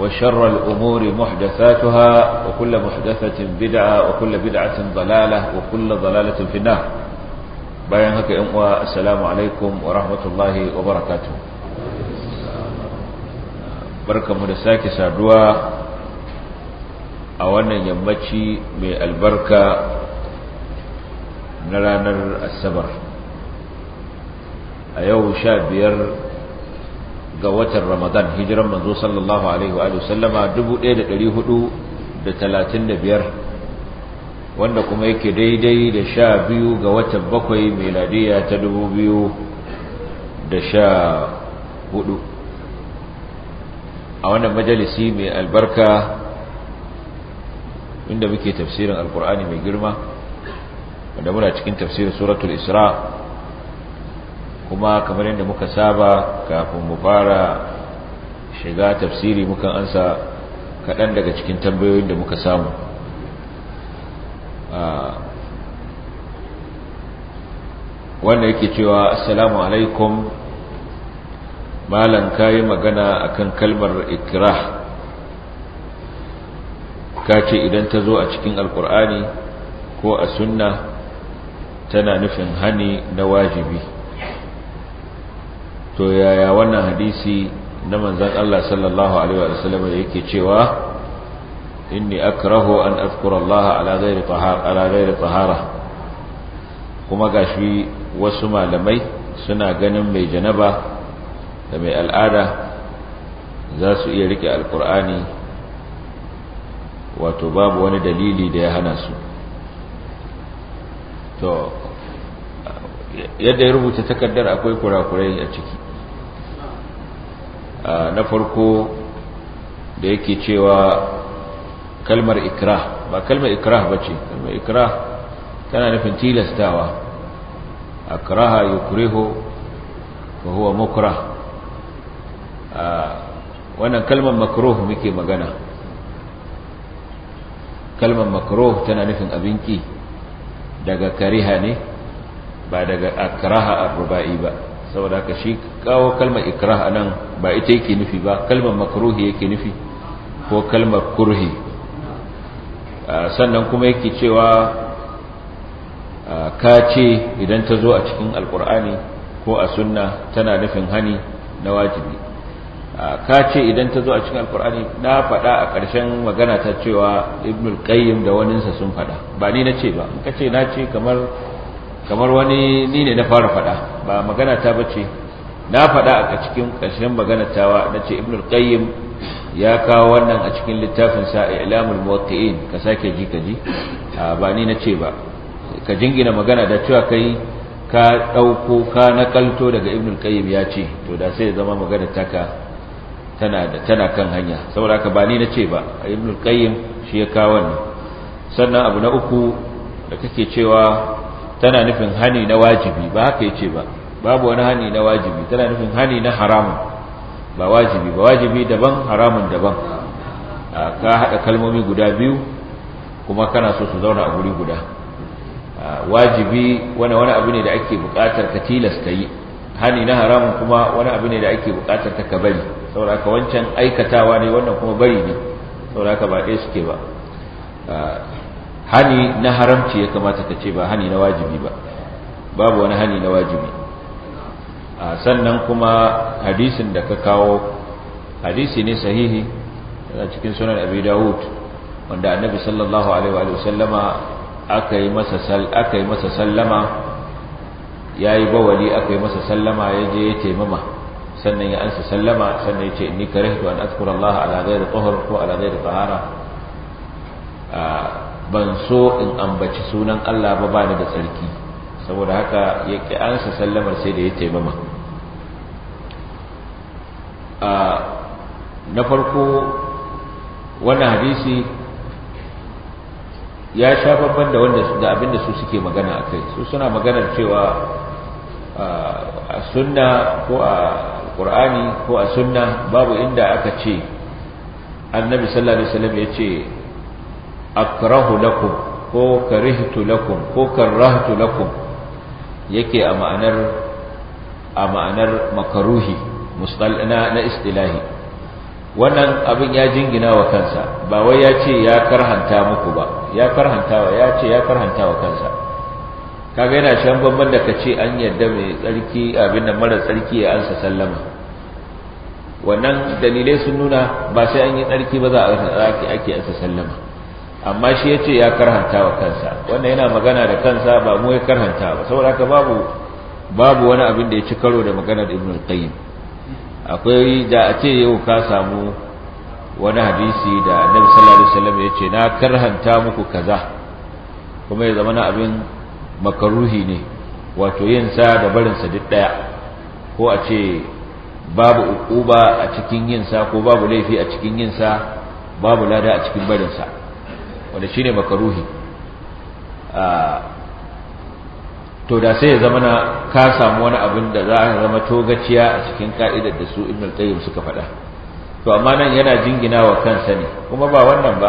وشر الأمور محدثاتها وكل محدثة بدعة وكل بدعة ضلالة وكل ضلالة في النار بيان هكا إموة السلام عليكم ورحمة الله وبركاته بركة مدساكي سادوا أولا يمتشي من البركة نرانر السبر أيوه شابير ga watan ramadan hijiran manzo sallallahu alaihi wa sallama 1435 wanda kuma yake daidai da sha biyu ga watan bakwai meladiya ta 2014 a wannan majalisi mai albarka inda muke tafsirin alkur'ani mai girma wanda muna cikin tafsirin suratul isra' kuma kamar yadda muka saba kafin mu fara shiga tafsiri muka ansa kaɗan daga cikin tambayoyin da muka samu ah, wanda yake cewa assalamu alaikum malam kayi magana akan kalmar ikrah ka ce idan ta zo a cikin alkur'ani ko a sunna tana nufin hani na wajibi to yaya wannan hadisi na manzan Allah sallallahu alaihi wa sallam yake cewa inni akraho an azkura Allah ala ghairi tahara ala ghairi tahara kuma gashi wasu malamai suna ganin mai janaba da mai al'ada za su iya rike alkur'ani wato babu wani dalili da ya hana su to yadda ya rubuta takardar akwai kurakurai a ciki na farko da yake cewa kalmar ikra ba kalmar ba bace kalmar ikra tana nufin tilastawa akraha yukrihu ba huwa wannan kalmar Makaroh muke magana kalmar Makaroh tana nufin abinki, daga kariha ne ba daga akraha a rubai ba saboda haka shi kawo kalmar ikrah nan ba ita yake nufi ba kalmar makruhi yake nufi ko kalmar kurhi sannan kuma yake cewa ka ce idan ta zo a cikin alkur'ani ko a sunna tana nufin hani na wajibi ka ce idan ta zo a cikin alkur'ani na faɗa a ƙarshen magana ta cewa ibnul qayyim da waninsa sun faɗa ba ni na ce ba ka ce na ce kamar kamar wani ni ne na fara faɗa ba magana ta bace na faɗa a cikin ƙarshen magana tawa na ce ibn al-qayyim ya kawo wannan a cikin littafin sa ilamul muwaqqi'in ka sake ji ka ji ba ni na ce ba ka jingina magana da cewa kai ka ɗauko ka nakalto daga ibn al-qayyim ya ce to da sai ya zama magana taka tana da tana kan hanya saboda haka ba ni na ce ba ibn al-qayyim shi ya kawo wannan sannan abu na uku da kake cewa tana nufin hani na wajibi ba haka yace ba babu wani hani na wajibi tana nufin hani na haramun ba wajibi ba wajibi daban haramun daban ka haɗa kalmomi guda biyu kuma kana so su zauna a guri guda wajibi wani wani abu ne da ake buƙatar ka tilasta yi hani na haramun kuma wani abu ne da ake buƙatar ka ka bari saboda wancan aikatawa ne wannan kuma bari ne saboda ba ɗaya suke ba hani na haramci ya kamata ka ce ba hani na wajibi ba babu wani hani na wajibi sannan kuma hadisin da ka kawo hadisi ne sahihi a cikin sunan abi dawud wanda annabi sallallahu alaihi wa sallama aka yi masa sal aka yi masa sallama yayi bawali aka yi masa sallama yaje ya taimama sannan ya ansa sallama sannan ya ce inni karihtu an azkura Allah ala ghairi tahur ko ala ghairi tahara ban so in ambaci sunan Allah ba bani da tsarki saboda haka ya ki ansa sallamar sai da ya taimama na farko wannan hadisi ya sha babban da wanda da abinda su suke magana akai su suna maganar cewa a sunna ko a qur'ani ko a sunna babu inda aka ce annabi sallallahu alaihi wasallam ya ce akrahu lakum ko karihtu lakum ko karrahtu lakum yake a ma'anar a ma'anar makaruhi na istilahi wannan abin ya jingina wa kansa ba wai ya ce ya karhanta muku ba ya karhantawa ya ce ya karhantawa kansa kaga yana shan bamban da ka ce an yadda mai tsarki abin da mara tsarki ya ansa sallama wannan dalilai sun nuna ba sai an yi tsarki ba za a ake ansa sallama amma shi ya ce ya karhanta wa kansa wannan yana magana da kansa ba mu ya karhanta ba saboda haka babu babu wani abin da ya ci karo da maganar ibn qayyim akwai da a ce yau ka samu wani hadisi da annabi sallallahu alaihi wasallam ya ce na karhanta muku kaza kuma ya zama na abin makaruhi ne wato yin sa da barin sa duk daya ko a ce babu uquba a cikin yin sa ko babu laifi a cikin yin sa babu lada a cikin barin sa wanda shine makaruhi to da sai ya zama na ka samu wani abin da za a zama togaciya a cikin ka'idar da su ibn al suka faɗa to amma nan yana jingina wa kansa ne kuma ba wannan ba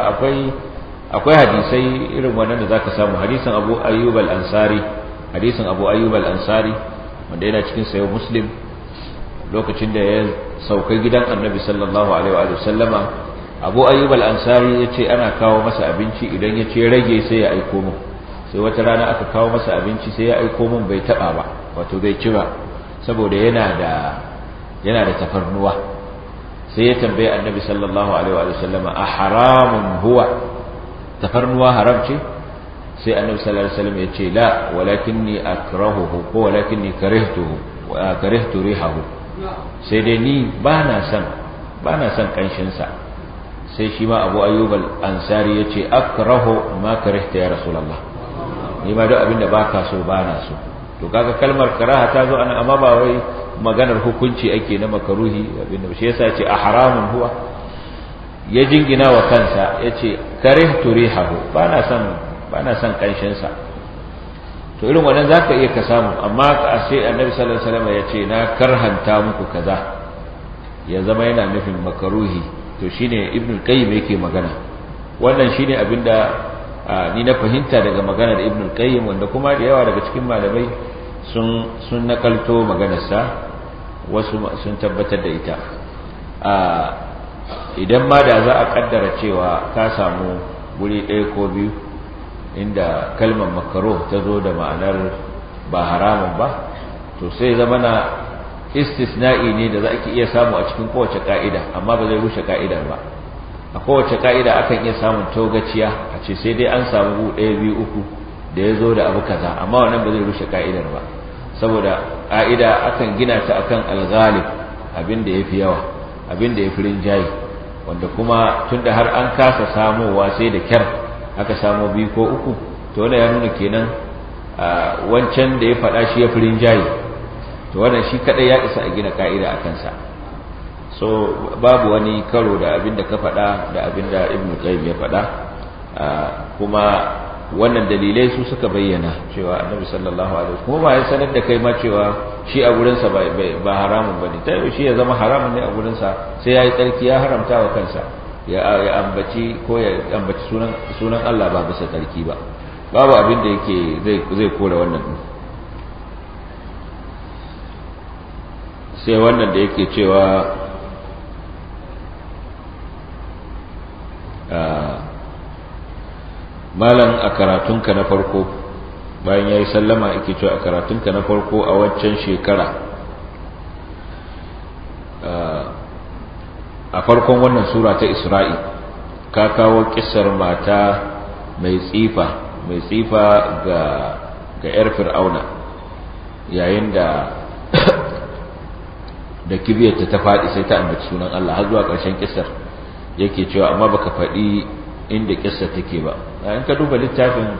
akwai hadisai irin wannan da za ka samu hadisin Abu Ayyub al'ansari ansari hadisin Abu Ayyub al'ansari ansari wanda yana cikin sayo Muslim lokacin da ya sauka gidan Annabi sallallahu alaihi wa sallama abu ayyubal ansari ya ce ana kawo masa abinci idan ya ce rage sai ya aiko mun sai wata rana aka kawo masa abinci sai ya aiko mun bai taba ba wato bai ci ba saboda yana da yana da tafarnuwa sai ya tambaye annabi sallallahu alaihi wa sallama a haramun huwa tafarnuwa haram ce sai annabi sallallahu alaihi wasallam ya ce la walakin walakinni akrahuhu ko walakin walakinni karihtuhu wa karihtu rihahu sai dai ni ba na son ba na son kanshin sa sai shi ma abu Ayyubal ansari ya ce akraho ma karihta ya rasulallah ni ma duk abinda baka so ba na so to kaga kalmar karaha ta zo ana amma ba wai maganar hukunci ake na makaruhi abinda shi yasa ce a haramun huwa ya jingina wa kansa ya ce karihtu rihahu ba na son ba na son kanshin sa to irin wannan zaka iya ka samu amma a sai annabi sallallahu alaihi wasallam ya ce na karhanta muku kaza ya zama yana nufin makaruhi to shine ibn qayyim yake magana wannan shine da ni na fahimta daga maganar ibn qayyim wanda kuma da yawa daga cikin malamai sun sun nakalto maganarsa wasu sun tabbatar da ita idan ma da za a kaddara cewa ka samu guri ɗaya ko biyu inda kalmar makaro ta zo da ma'anar ba haramun ba to sai zama na istisna'i ne da za ki iya samu a cikin kowace ka'ida amma ba zai rushe ka'ida ba a kowace ka'ida akan iya samun togaciya a ce sai dai an samu ɗaya biyu uku da ya zo da abu kaza amma wannan ba zai rushe ka'idar ba saboda ka'ida akan gina ta akan alghalib abin da yafi yawa abin da yafi rinjaye wanda kuma tunda har an kasa samowa sai da kyar aka samo biyu ko uku to wannan ya nuna kenan wancan da ya faɗa shi ya fi rinjaye to wannan shi kadai ya isa a gina ka'ida a kansa so babu wani karo da abin da ka faɗa da abin da ibn qayyim ya faɗa kuma wannan dalilai su suka bayyana cewa annabi sallallahu alaihi wasallam kuma ya sanar da kai ma cewa shi a gurin sa ba haramun bane ta shi ya zama haramun ne a gurin sa sai yayi tsarki ya haramta wa kansa ya ambaci ko ya ambaci sunan sunan Allah ba bisa tsarki ba babu abin da yake zai zai kore wannan sai wannan da yake cewa ah, malam a karatunka na farko bayan ya yi sallama yake cewa a karatunka na farko a waccan shekara ah, a farkon wannan sura ta isra'i ka kawo kisar mata mai tsifa mai tsifa ga 'yar fir'auna yayin da da kibiyarta ta faɗi sai ta ambaci sunan Allah har zuwa ƙarshen kissar yake cewa amma baka faɗi inda kissar take ba in ka duba littafin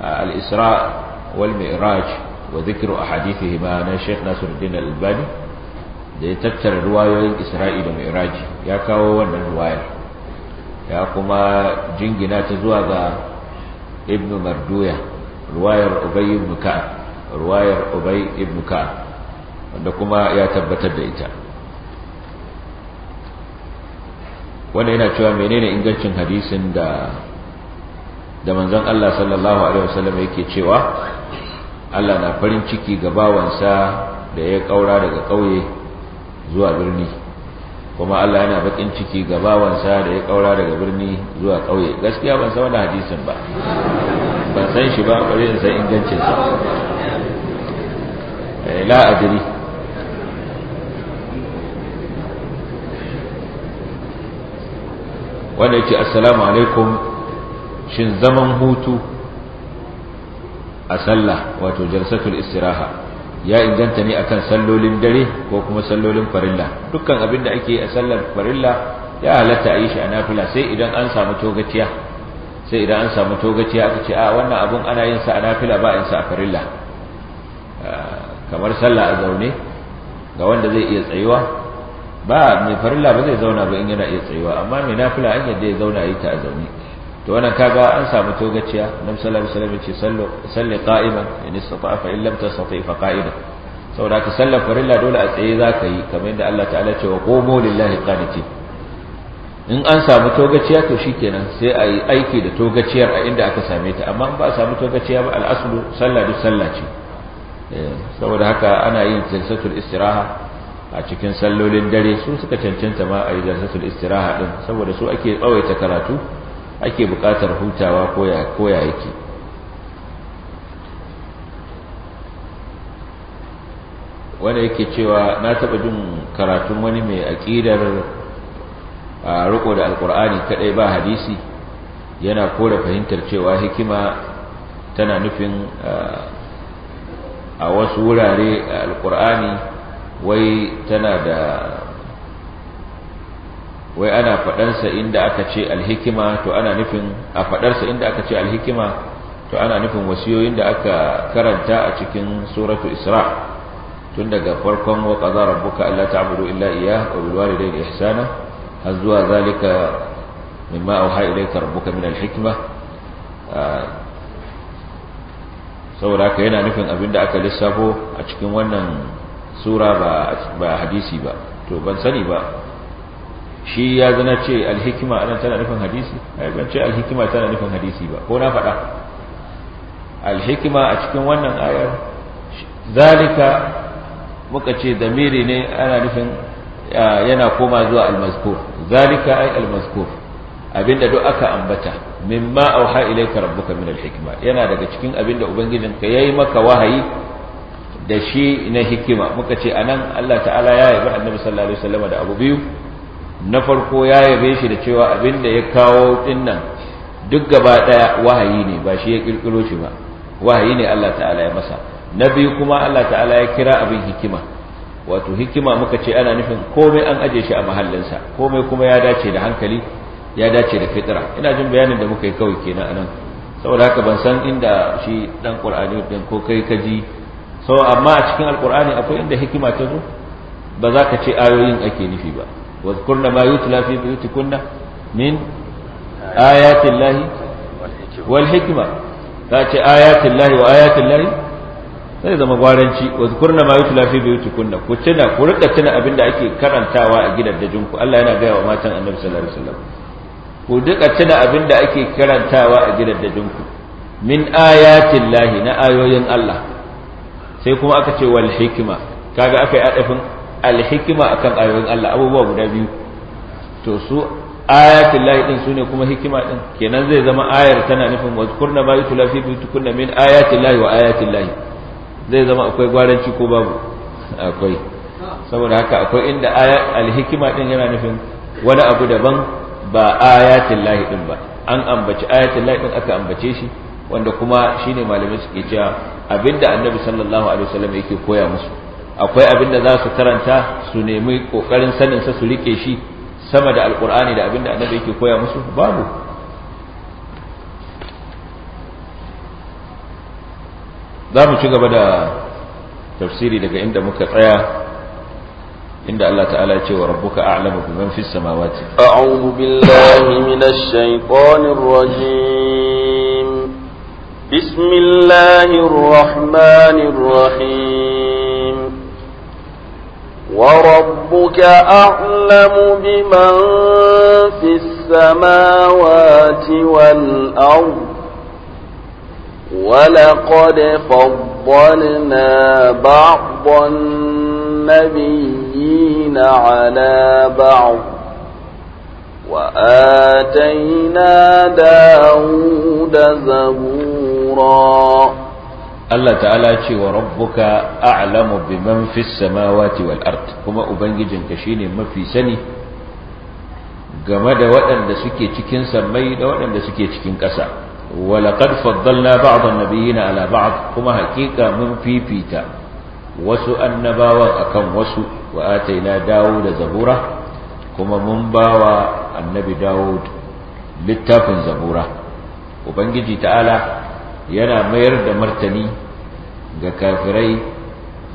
al-Isra wal Mi'raj wa dhikru ahadithihi ma na Sheikh Nasiruddin Al-Albani da ya tattara ruwayoyin Isra'i da Mi'raj ya kawo wannan ruwayar ya kuma jingina ta zuwa ga Ibn Marduya ruwayar Ubay ibn Ka'ab ruwayar Ubay ibn Ka'ab wanda kuma ya tabbatar da ita wanda yana cewa menene ingancin hadisin da da manzon Allah sallallahu alaihi wasallam yake cewa Allah na farin ciki ga bawansa da ya kaura daga kauye zuwa birni kuma Allah yana bakin ciki ga bawansa da ya kaura daga birni zuwa kauye gaskiya ban san wannan hadisin ba ban san shi ba bare in san ingancin sa eh, la adri wanda ya ce assalamu alaikum shin zaman hutu a sallah wato jalsatul istiraha ya inganta ne akan sallolin dare ko kuma sallolin farilla dukkan abin da ake a sallar farilla ya halatta a yi shi a nafila sai idan an samu togaciya sai idan an samu togaciya aka ce a wannan abun ana yin sa a nafila ba a sa a farilla ah, kamar sallah a zaune ga wanda zai iya tsayuwa ba mai farilla ba zai zauna ba in yana iya tsayuwa amma mai nafila an yadda ya zauna yi ta a zaune to wannan kaga an samu togaciya nan sallallahu alaihi wasallam ce sallu salli qa'iman in istata'a fa in tastati fa qa'idan saboda ka sallar farilla dole a tsaye zaka yi kamar yadda Allah ta'ala ce wa qumu lillahi qanitin in an samu togaciya to shi kenan sai a yi aiki da togaciyar a inda aka same ta amma ba a samu togaciya ba al'aslu sallah duk sallah ce eh, saboda haka ana yin jinsatul istiraha a cikin sallolin dare su suka cancanta ma a yi zartatul istiraha din saboda su ake tsawaita karatu ake buƙatar hutawa ko ya yake wanda yake cewa na taɓa jin karatun wani mai aƙidar a riko da alƙur'ani kaɗai ba hadisi yana kore fahimtar cewa hikima tana nufin a wasu wurare alƙur'ani wai tana da wai ana faɗarsa inda aka ce alhikima to ana nufin a faɗarsa inda aka ce alhikima to ana nufin wasiyoyin da aka karanta a cikin suratu isra tun daga farkon wa qadara rabbuka alla ta'budu illa iyyah wa bil walidayni ihsana har zuwa zalika mimma auha ilayka rabbuka min alhikma ah, saboda haka yana nufin abin da aka lissafo a cikin wannan sura ba hadisi ba to ban sani ba shi ya zana ce alhikima anan tana nufin hadisi ai ban ce alhikima tana nufin hadisi ba ko na faɗa alhikima a cikin wannan ayar zalika muka ce damiri ne ana nufin yana koma zuwa almazkur zalika ai almazkur abinda duk aka ambata mimma auha ilayka rabbuka min alhikma yana daga cikin abinda ubangijinka yayi maka wahayi da shi na hikima muka ce a nan Allah ta'ala ya yabi annabi sallallahu alaihi wasallam da abu biyu na farko ya yabe shi da cewa abin da ya kawo dinnan duk gaba daya wahayi ne ba shi ya kirkiro shi ba wahayi ne Allah ta'ala ya masa na biyu kuma Allah ta'ala ya kira abin hikima wato hikima muka ce ana nufin komai an aje shi a mahallinsa komai kuma ya dace da hankali ya dace da fitira ina jin bayanin da muka yi kawai kenan anan saboda haka ban san inda shi dan qur'ani din ko kai ka ji so amma a cikin alqur'ani akwai inda hikima ta zo ba za ka ce ayoyin ake nufi ba wa zkurna ma yutla fi buyutikunna min ayatin lahi wal hikima za ce ayatin lahi wa ayatin lahi sai zama gwaranci wa zkurna ma yutla fi buyutikunna ku tuna ku rika tuna abin da ake karantawa a gidajenku Allah yana gaya wa matan Annabi sallallahu alaihi wasallam ku duka tuna abin da ake karantawa a gidajenku min ayatin lahi na ayoyin Allah sai kuma aka ce wal hikima kaga aka yi adafin al hikima akan ayoyin Allah abubuwa guda biyu to su ayatul lahi din sune kuma hikima din kenan zai zama ayar tana nufin wazkurna ma yutla fi buyutikunna min ayatil lahi wa ayatil lahi zai zama akwai gwaranci ko babu akwai saboda haka akwai inda al hikima din yana nufin wani abu daban ba ayatul lahi din ba an ambaci ayatul lahi din aka ambace shi wanda kuma shine malamai suke cewa abinda annabi sallallahu alaihi wasallam yake koya musu akwai abinda za su karanta su nemi kokarin sanin sa su rike shi sama da alqur'ani da abinda annabi yake koya musu babu za mu ci gaba da tafsiri daga inda muka tsaya inda Allah ta'ala ya ce wa rabbuka a'lamu man fis samawati a'udhu billahi minash shaitanir rajim بسم الله الرحمن الرحيم وربك أعلم بمن في السماوات والأرض ولقد فضلنا بعض النبيين على بعض وآتينا داود زبورا Allah ta'ala ce wa rabbuka a'lamu biman fis samawati wal ard kuma ubangijinka shine mafi sani game da waɗanda suke cikin sammai da waɗanda suke cikin ƙasa wa laqad faddalna ba'dhan nabiyina ala ba'd kuma haƙiƙa mun fifita wasu annabawan akan wasu wa na dawo da zabura kuma mun bawa annabi dawud littafin zabura ubangiji ta'ala yana mayar da martani ga kafirai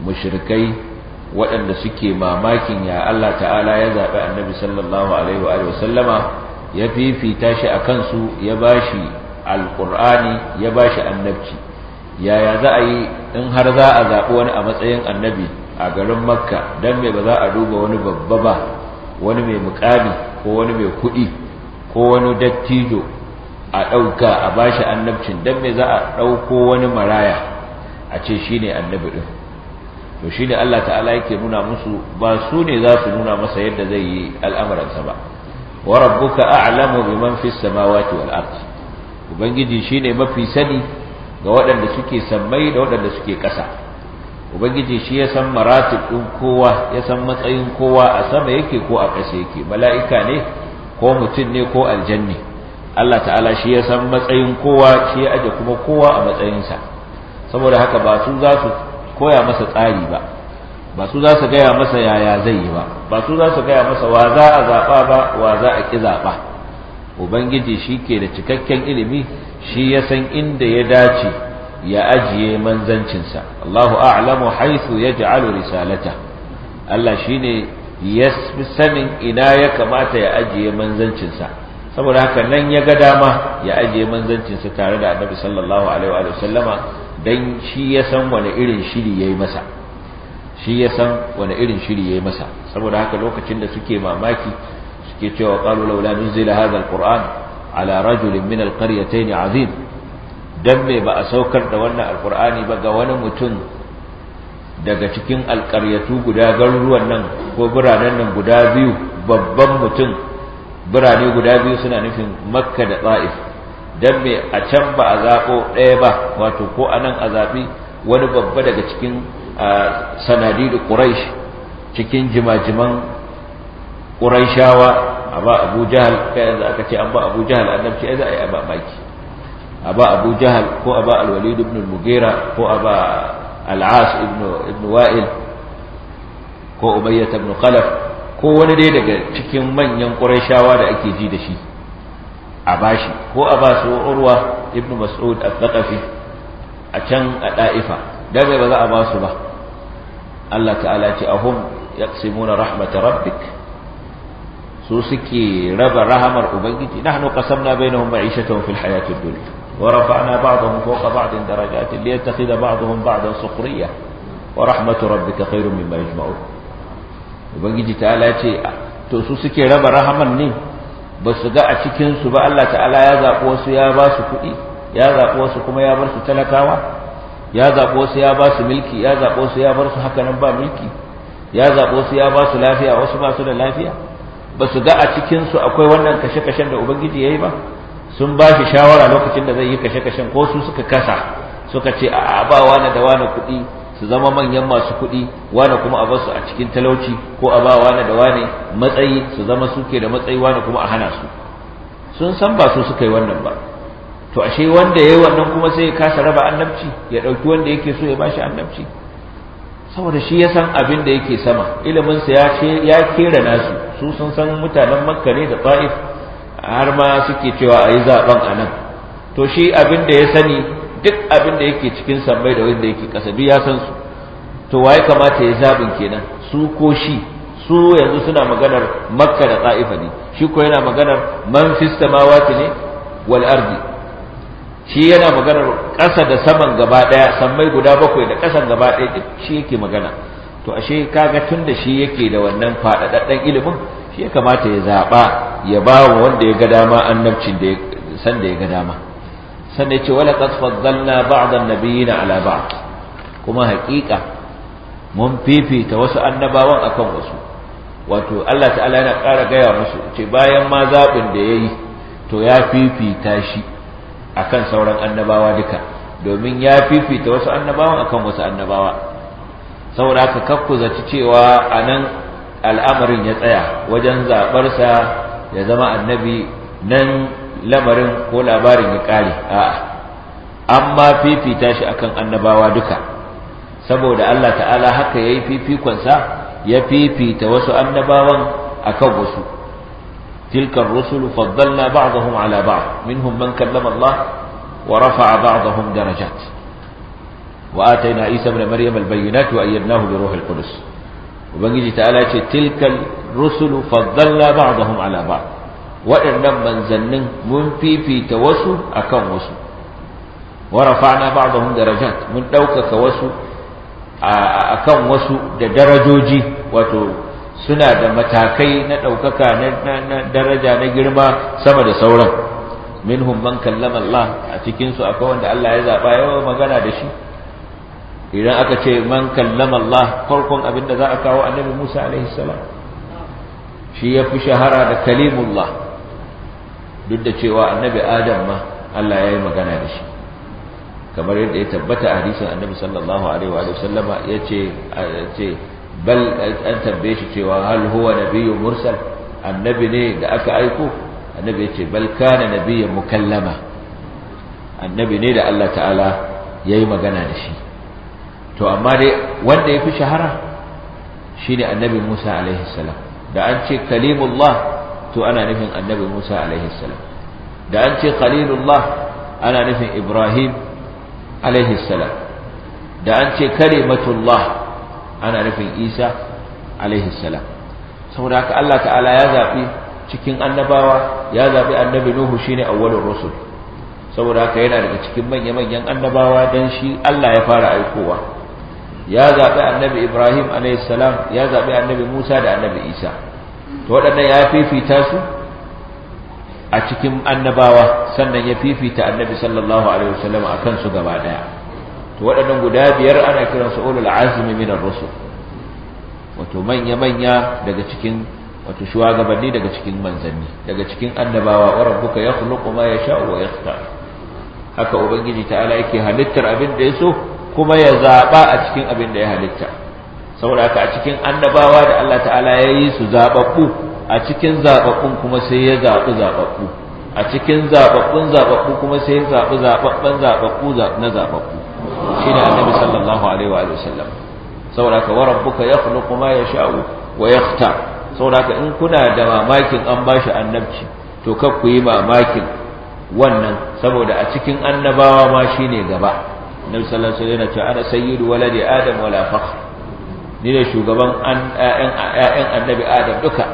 mushrikai waɗanda suke mamakin ya Allah ta'ala ya zaɓi annabi sallallahu alaihi wa sallama ya fifita shi a kansu ya bashi alƙur'ani ya bashi annabci yaya za a yi in har za a zaɓi wani a matsayin annabi a garin makka don me ba za a duba wani babba ba wani mai mukami ko wani mai kuɗi ko wani dattijo a ɗauka a bashi annabcin don me za a ɗauko wani maraya a ce shi ne annabi ɗin to shi ne Allah ta'ala yake nuna musu ba su ne za su nuna masa yadda zai yi al'amuransa ba wa rabbuka a'lamu biman fis samawati wal ard ubangiji shine mafi sani ga waɗanda suke sammai da waɗanda suke ƙasa ubangiji shi ya san ɗin kowa ya san matsayin kowa a sama yake ko a ƙasa yake mala'ika ne ko mutum ne ko aljanni Allah ta'ala shi ya san matsayin kowa shi ya aje kuma kowa a matsayinsa saboda haka ba su za su koya masa tsari ba ba su za su gaya masa yaya zai yi ba ba su za su gaya masa wa za a zaɓa ba wa za a ƙi zaɓa ubangiji shi ke da cikakken ilimi shi ya san inda ya dace ya ajiye manzancinsa Allahu a'lamu ya yaj'alu risalata Allah ne ya sanin ina ya kamata ya ajiye manzancinsa saboda haka nan ya ga dama ya ajiye manzancinsa tare da Annabi sallallahu alaihi wa sallama dan shi ya san wani irin shiri yi masa shi ya san wani irin shiri yi masa saboda haka lokacin da suke mamaki suke cewa qalu laula nuzila hadha alquran ala rajulin min alqaryatayn azim dan me ba a saukar da wannan alkur'ani ba ga wani mutum daga cikin alkaryatu guda garuruwan nan ko biranen nan guda biyu babban mutum birane guda biyu suna nufin makka da tsa'if don me a can ba a zaɓo ɗaya ba wato ko a nan a zaɓi wani babba daga cikin sanadi da ƙuraish cikin jimajiman ƙuraishawa a ba abu jahal kai yanzu aka ce an ba abu jahal annabci ai za a yi a a ba abu jahal ko a ba alwalid ibn al-mughira ko a ba al'as ibn wa'il ko umayyah ibn qalaf ko wani dai daga cikin manyan qurayshawa da ake ji da shi a ko a ba su urwa ibn mas'ud al-thaqafi a can a da'ifa dan ba za a ba su ba Allah ta'ala a ahum yaqsimuna rahmat rabbik su suke raba rahamar ubangiji nahnu qasamna bainahum ma'ishatuhum fil hayatid dunya ورفعنا بعضهم فوق بعض درجات ليتخذ بعضهم بعضا سخرية ورحمة ربك خير مما يجمعون ubangiji ta'ala ce to su suke raba rahaman ne ba su ga a cikin ba Allah ta'ala ya zaɓi wasu ya ba su kuɗi ya zaɓi wasu kuma ya bar su talakawa ya zaɓi wasu ya ba su milki ya zaɓi wasu ya bar su haka nan ba milki ya zaɓi wasu ya ba su lafiya wasu ba da lafiya ba su ga a cikinsu akwai wannan kashe-kashen da ubangiji ya yi ba sun ba shi shawara lokacin da zai yi kashe-kashen ko su suka kasa suka ce a ba wani da wani kuɗi su zama manyan masu kuɗi wani kuma a basu a cikin talauci ko a ba wani da wani matsayi su zama suke da matsayi wani kuma a hana su sun san ba su suka yi wannan ba to ashe wanda ya yi wannan kuma sai ya kasa raba annabci ya ɗauki wanda yake so ya bashi annabci saboda shi ya san abin da yake sama iliminsa ya kera nasu su sun san mutanen makka ne da ta'if har ma suke cewa a yi zaben a nan to shi abin da ya sani duk abin da yake cikin sammai da wanda yake ƙasa duk ya san su to waye kamata ya zabin kenan su ko shi su yanzu suna maganar makka da ta'ifa ne shi ko yana maganar man fis samawati ne wal ardi shi yana maganar ƙasa da saman gaba ɗaya sammai guda bakwai da ƙasan gaba ɗaya shi yake magana to ashe kaga tun da shi yake da wannan faɗaɗaɗɗen ilimin shi ya kamata ya zaɓa ya ba wa wanda ya ga dama annabcin da san da ya ga dama ya ce wala qad faddalna an nabiyina ala ba'd kuma haƙiƙa mun fifita wasu annabawan akan wasu wato Allah ta'ala yana ƙara gaya musu ce bayan ma zaɓin da yayi yi to ya fifita shi akan sauran annabawa duka domin ya fifita wasu annabawan akan wasu annabawa saboda ka kakkuzaci cewa a nan al'amarin ya tsaya wajen zaɓarsa ya zama annabi nan lamarin ko labarin ya ƙare. a'a amma fifita shi akan annabawa duka saboda Allah ta'ala haka ya yi fifikonsa ya fifita wasu annabawan akan wasu tilka rusul faddalna ba'dahum ala ba'd minhum man kallama Allah wa rafa'a ba'dahum darajat wa ataina Isa ibn Maryam al-bayyinat wa ayyadnahu bi ruhil ubangiji ta'ala ce tilkal rusulu faddalla ba'dahum ala ba'd waɗannan manzannin mun fifita wasu akan wasu wa rafa'na ba'dahum darajat mun ɗaukaka wasu akan wasu da darajoji wato suna da matakai na ɗaukaka na daraja na girma sama da sauran minhum man kallama Allah a cikin su akwai wanda Allah ya zaba yawa magana da shi idan aka ce man kallama Allah farkon abin da za a kawo annabi Musa alaihi shi ya fi shahara da kalimullah duk da cewa annabi adam ma Allah ya yi magana da shi kamar yadda ya tabbata a hadisin annabi sallallahu alaihi wa sallama ya ce bal an tambaye shi cewa hal huwa nabiyyu mursal annabi ne da aka aiko annabi ya ce bal kana nabiyyan mukallama annabi ne da Allah ta'ala ya yi magana da shi to amma dai wanda ya fi shahara shine annabi Musa alaihi salam da an ce kalimullah to ana nufin annabi Musa alaihi salam da an ce khalilullah ana nufin Ibrahim alaihi salam da an ce kalimatullah ana nufin Isa alaihi salam saboda haka Allah ta'ala ya zaɓi cikin annabawa ya zaɓi annabi Nuhu shine awwalur rusul saboda haka yana daga cikin manya-manyan annabawa dan shi Allah ya fara aikowa ya zaɓi annabi ibrahim alaihissalam ya zaɓi annabi musa da annabi isa to waɗannan ya fifita su a cikin annabawa sannan ya fifita annabi sallallahu alaihi wasallam a kansu gaba ɗaya to waɗannan guda biyar ana kiran ulul azmi min ar-rusul wato manya-manya daga cikin wato shuwagabanni daga cikin manzanni daga cikin annabawa wa rabbuka yakhluqu ma yasha'u wa yakhtar haka ubangiji ta'ala yake halittar abin da so. kuma ya zaɓa a cikin abin da ya halitta saboda haka a cikin annabawa da Allah ta'ala ya yi su zababbu a cikin zababbun kuma sai ya zaɓi zababbu a cikin zababbun zababbu kuma sai ya zaɓi zababban zababbu na zababbu shi ne annabi sallallahu alaihi wa sallam saboda haka wa rabbuka yakhluqu ma yasha'u wa yakhta saboda haka in kuna da mamakin an bashi annabci to kar ku yi mamakin wannan saboda a cikin annabawa ma shine gaba nabi sallallahu alaihi wasallam yana cewa ana sayyidu waladi adam wala fakh ni ne shugaban an ƴaƴan ƴaƴan annabi adam duka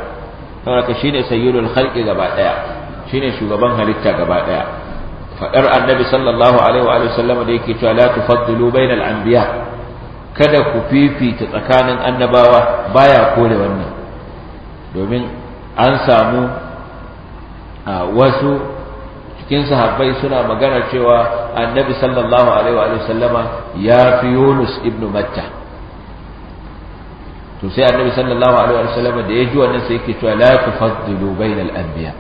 saboda shine sayyidul khalqi gaba daya shine shugaban halitta gaba daya fadar annabi sallallahu alaihi wa sallam da yake cewa la tufaddilu bainal anbiya kada ku fifita tsakanin annabawa baya kore wannan domin an samu a wasu cikin sahabbai suna magana cewa annabi sallallahu alaihi wa ya fi yunus ibnu matta to sai annabi sallallahu alaihi wa da ya ji wannan sai yake cewa la tufaddilu bainal anbiya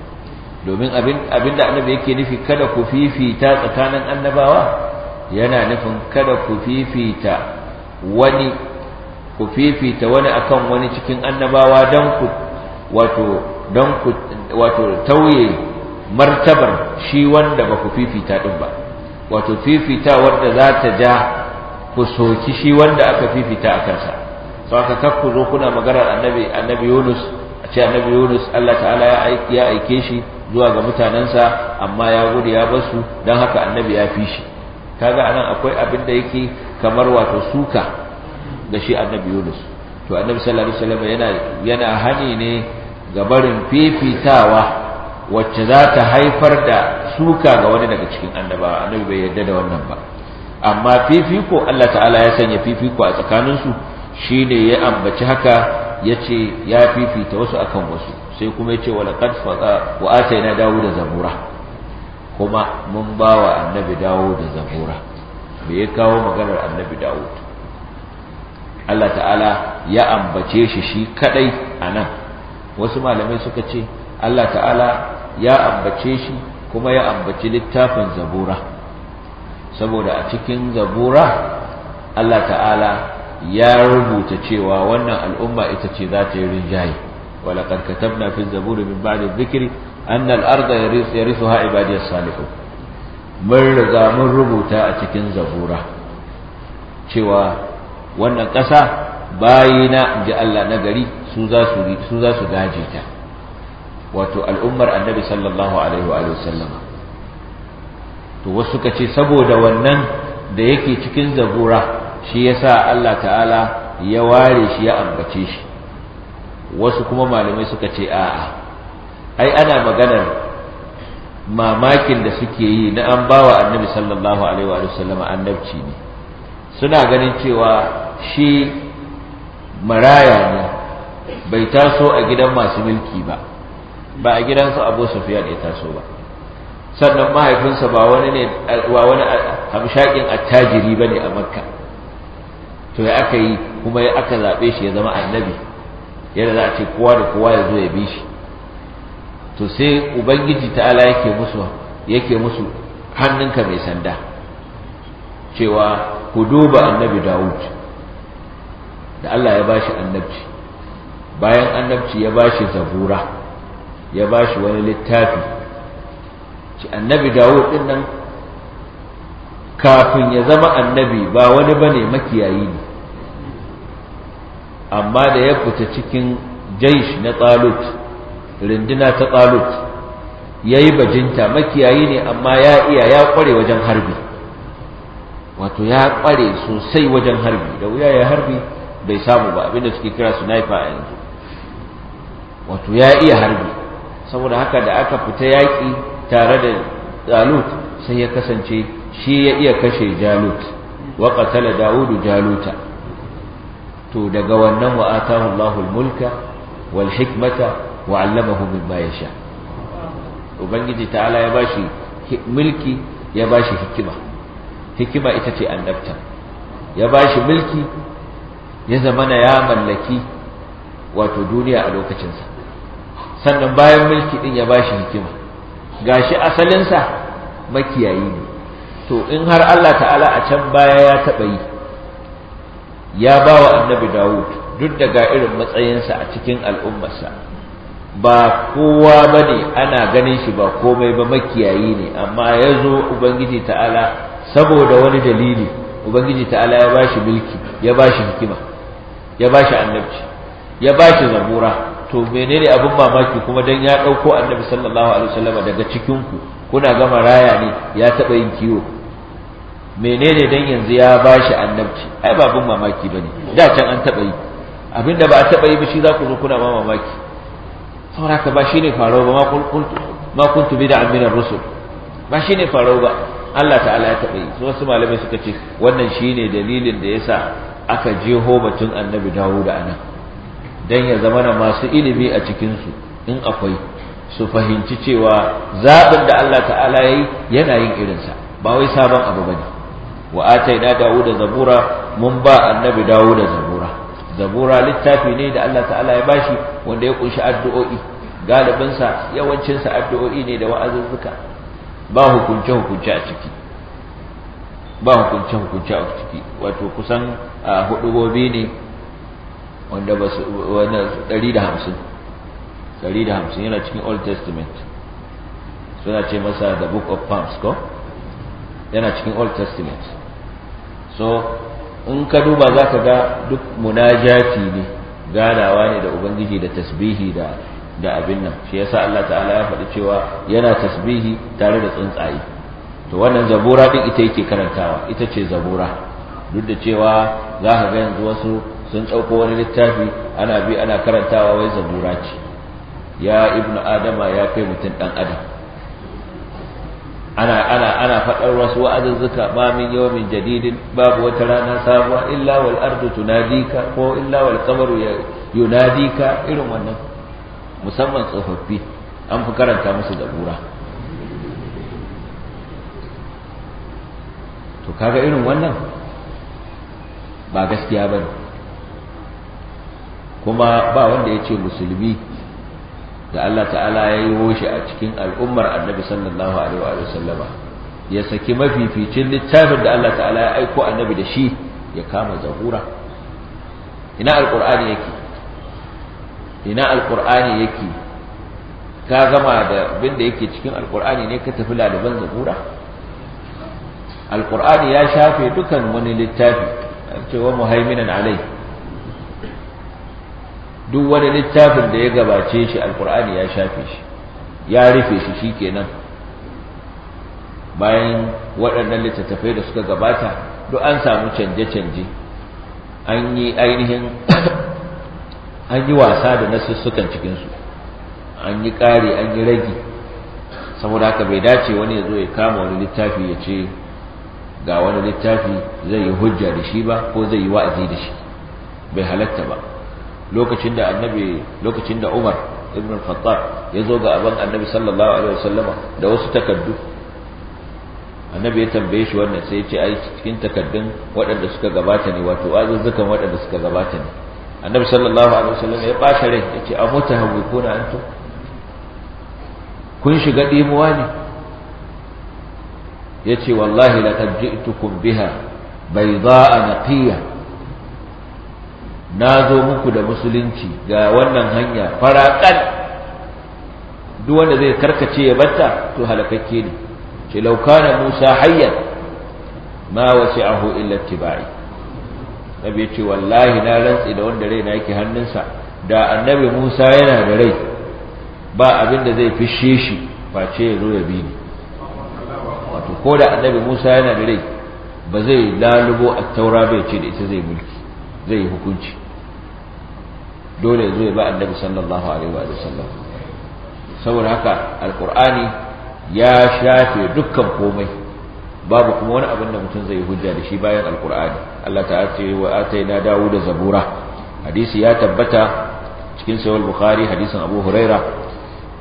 domin abin da annabi yake nufi kada ku fifita tsakanin annabawa yana nufin kada ku fifita wani ku fifita wani akan wani cikin annabawa don ku wato don ku wato tauye martabar shi wanda ba ku fifita din ba wato fifita da za ta ja ku soki shi wanda aka fifita a kansa sau aka kakku zo kuna maganar annabi annabi yunus a ce annabi yunus allah ta'ala ya aike shi zuwa ga mutanensa amma ya gudu ya basu don haka annabi ya fi shi kaga anan akwai abin da yake kamar wato suka ga shi annabi yunus to annabi sallallahu alaihi wasallam yana yana hani ne ga barin fifitawa wacce za ta haifar da suka ga wani daga cikin annabawa annabi bai yarda da wannan ba amma fifiko Allah ta'ala ya sanya fifiko a tsakanin tsakaninsu shine ya ambaci haka yace ya fifita wasu akan wasu sai kuma yace wala qad wa ataina dawuda zabura kuma mun bawa annabi dawuda zabura me ya kawo maganar annabi dawud Allah ta'ala ya ambace shi shi kadai anan wasu malamai suka ce Allah ta'ala ya ambace shi kuma ya ambaci littafin zabura saboda a cikin zabura Allah ta'ala ya rubuta cewa wannan al'umma ita ce za ta yi rinjaye walaqad katabna fi zaburi min ba'di dhikri anna al-arda yarisuha ibadiyas salihun mun riga mun rubuta a cikin zabura cewa wannan ƙasa bayina ji Allah na gari su za su gaje ta wato al'ummar annabi sallallahu alaihi wa sallama to wasu suka ce saboda wannan da yake cikin zabura shi yasa Allah ta'ala ya ware shi ya ambace shi wasu kuma malamai suka ce a'a ai ana maganar mamakin da suke yi na an bawa annabi sallallahu alaihi wa sallama annabci ne suna ganin cewa shi maraya ne bai taso a gidan masu milki ba ba a gidansa abu sufiyan ya taso ba sannan mahaifinsa ba wani ne wa wani hamshakin attajiri ne a makka to ya aka yi kuma ya aka zaɓe shi ya zama annabi yadda za a ce kowa da kowa ya zo ya bi shi to sai ubangiji ta'ala yake musu yake musu hannunka mai sanda cewa ku duba annabi dawud da Allah ya ba shi annabci bayan annabci ya ba shi zabura ya ba shi wani littafi ci annabi dawud ɗin nan kafin ya zama annabi ba wani ba ne makiyayi ne amma da ya fita cikin jaish na tsalut rinduna ta tsalut ya yi bajinta makiyayi ne amma ya iya ya kware wajen harbi wato ya kware sosai wajen harbi da wuya ya harbi bai samu ba abinda suke kira sniper a yanzu wato ya iya harbi saboda haka da aka fita yaƙi tare da jalut sai ya kasance shi ya iya kashe jalut wa qatala daudu jaluta to daga wannan wa atahu Allahul mulka wal hikmata wa 'allamahu mimma yasha ubangiji ta'ala ya bashi mulki ya bashi hikima hikima ita ce annabta ya bashi mulki ya zama na ya mallaki wato duniya a lokacinsa sannan bayan mulki din ya bashi hikima gashi asalinsa makiyayi ne to in har Allah ta'ala a can baya ya taɓa yi ya ba wa annabi Dawud duk da ga irin matsayinsa a cikin al'ummarsa ba kowa ba ne ana ganin shi ba komai ba makiyayi ne amma ya zo Ubangiji ta'ala saboda wani dalili Ubangiji ta'ala ya ba shi mulki ya ba shi hikima ya ba shi annabci ya ba shi zabura to menene abin mamaki kuma dan ya dauko annabi sallallahu alaihi wasallam daga cikin ku kuna gama raya ne ya taba yin kiwo menene dan yanzu ya bashi annabci ai ba abin mamaki bane da can an taba yi abinda ba a taba yi ba shi za ku zo kuna ma mamaki saboda ka ba shine faro ba ma kuntu ma kuntu bid'a min ar-rusul ba shine faro ba Allah ta'ala ya taba yi so wasu malamai suka ce wannan shine dalilin da yasa aka jeho batun annabi Dawud anan don ya zama na masu ilimi a cikinsu in akwai su fahimci cewa zaɓin da Allah ta'ala ya yi yana yin irinsa ba wai sabon abu ba ne wa atai na dawo da zabura mun ba annabi dawo da zabura zabura littafi ne da Allah ta'ala ya bashi wanda ya kunshi addu'o'i galibinsa yawancinsa addu'o'i ne da wa'azuzzuka ba hukunce hukunce a ciki ba hukunce hukunce a ciki wato kusan hudubobi ne wanda ba su ɗari da hamsin yana cikin old testament suna ce masa the book of palms ko yana cikin old testament so in ka duba za ka ga duk munajati ne ganawa ne da ubangiji da tasbihi da da abin nan shi yasa Allah ta'ala ya faɗi cewa yana tasbihi tare da tsuntsaye to wannan zabura din ita yake karantawa ita ce zabura duk da cewa za ka ga yanzu wasu sun ɗauko wani littafi ana bi ana karantawa wai zabura ce ya ibnu adama ya kai mutum ɗan adam ana ana ana faɗar wasu wa'azuzzuka ma min yawmin jadidin babu wata rana sabuwa illa wal ardu tunadika ko illa wal qamaru yunadika irin wannan musamman tsofaffi an fi karanta musu zabura to kaga irin wannan ba gaskiya bane kuma ba wanda ya ce musulmi da Allah ta'ala ya yi hoshe a cikin al'ummar annabi sallallahu alaihi wa sallama ya saki mafificin littafin da Allah ta'ala ya aiko annabi da shi ya kama zabura ina alqur'ani yake ina alqur'ani yake ka zama da bin da yake cikin Alƙur'ani ne ka tafi laliban zabura Alƙur'ani ya shafe dukan wani littafi ce cewa muhaiminan alai duk wani littafin da ya gabace shi alkur'ani ya shafe shi ya rufe shi shi shikenan bayan waɗannan littattafai da suka gabata duk an samu canje-canje an yi ainihin an yi wasa da nasussukan cikinsu an yi ƙari an yi ragi saboda haka bai dace wani ya zo ya kama wani littafi ya ce ga wani littafi zai yi hujja da shi ba ko zai yi wa'azi da shi bai halatta ba lokacin da annabi lokacin da Umar ibn al-Khattab ya zo ga abin annabi sallallahu alaihi wasallama da wasu takaddu annabi ya tambaye shi wannan sai ya ce ai cikin takaddun waɗanda suka gabata ne wato azuzzukan waɗanda suka gabata ne annabi sallallahu alaihi Wasallama ya bata rai ya ce amota habukuna antum kun shiga dimuwa ne ya ce wallahi laqad ji'tukum biha bayda'a naqiya na zo muku da musulunci ga wannan hanya faraƙan duk wanda zai karkace ya batta to halakakke ne ce laukana musa hayyan ma wace ahu illa tibai nabi ce wallahi na rantsi da wanda rai na yake hannunsa da annabi musa yana da rai ba abin da zai fishe shi ce ya zo ya bi ni wato ko da annabi musa yana da rai ba zai lalubo a taura bai ce da ita zai mulki zai yi hukunci dole zo ya ba annabi sallallahu alaihi wa sallam saboda haka alqur'ani ya shafe dukkan komai babu kuma wani abin da mutum zai hujja da shi bayan alqur'ani Allah ta ce wa ataina dawuda zabura hadisi ya tabbata cikin sahih bukhari hadisin abu huraira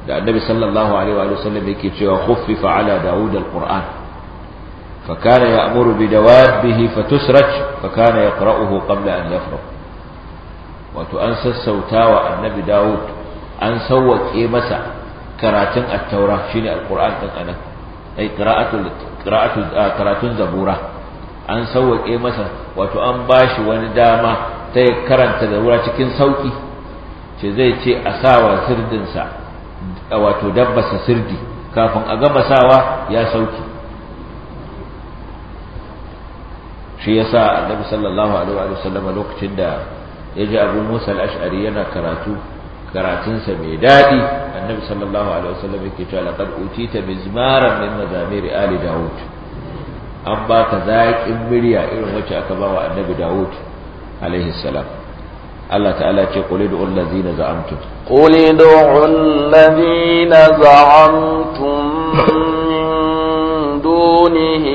da annabi sallallahu alaihi wa sallam yake cewa khuffifa ala dawud alqur'an فكان يأمر بدوابه فتسرج فكان يقرأه قبل أن يفرغ wato an sassauta wa annabi dawud an sawwake masa karatun at-taura shine alquran din anan ai qira'atul qira'atul ah, karatun zabura an sawwake masa wato an bashi wani dama ta karanta zabura cikin sauki ce zai ce a sawa sirdin sa wato dabbasa sirdi kafin a gama sawa ya sauki shi yasa annabi sallallahu alaihi wa sallam lokacin da ya ji abu musa al'ash'ari yana karatu karatunsa mai daɗi annabi sallallahu alaihi wasallam yake cewa laqad utita mizmaran min mazamir ali daud an ba ka zaƙin murya irin wacce aka ba wa annabi daud alaihi salam Allah ta'ala ce qul ud'u allazina za'amtum qul ud'u allazina za'amtum دونه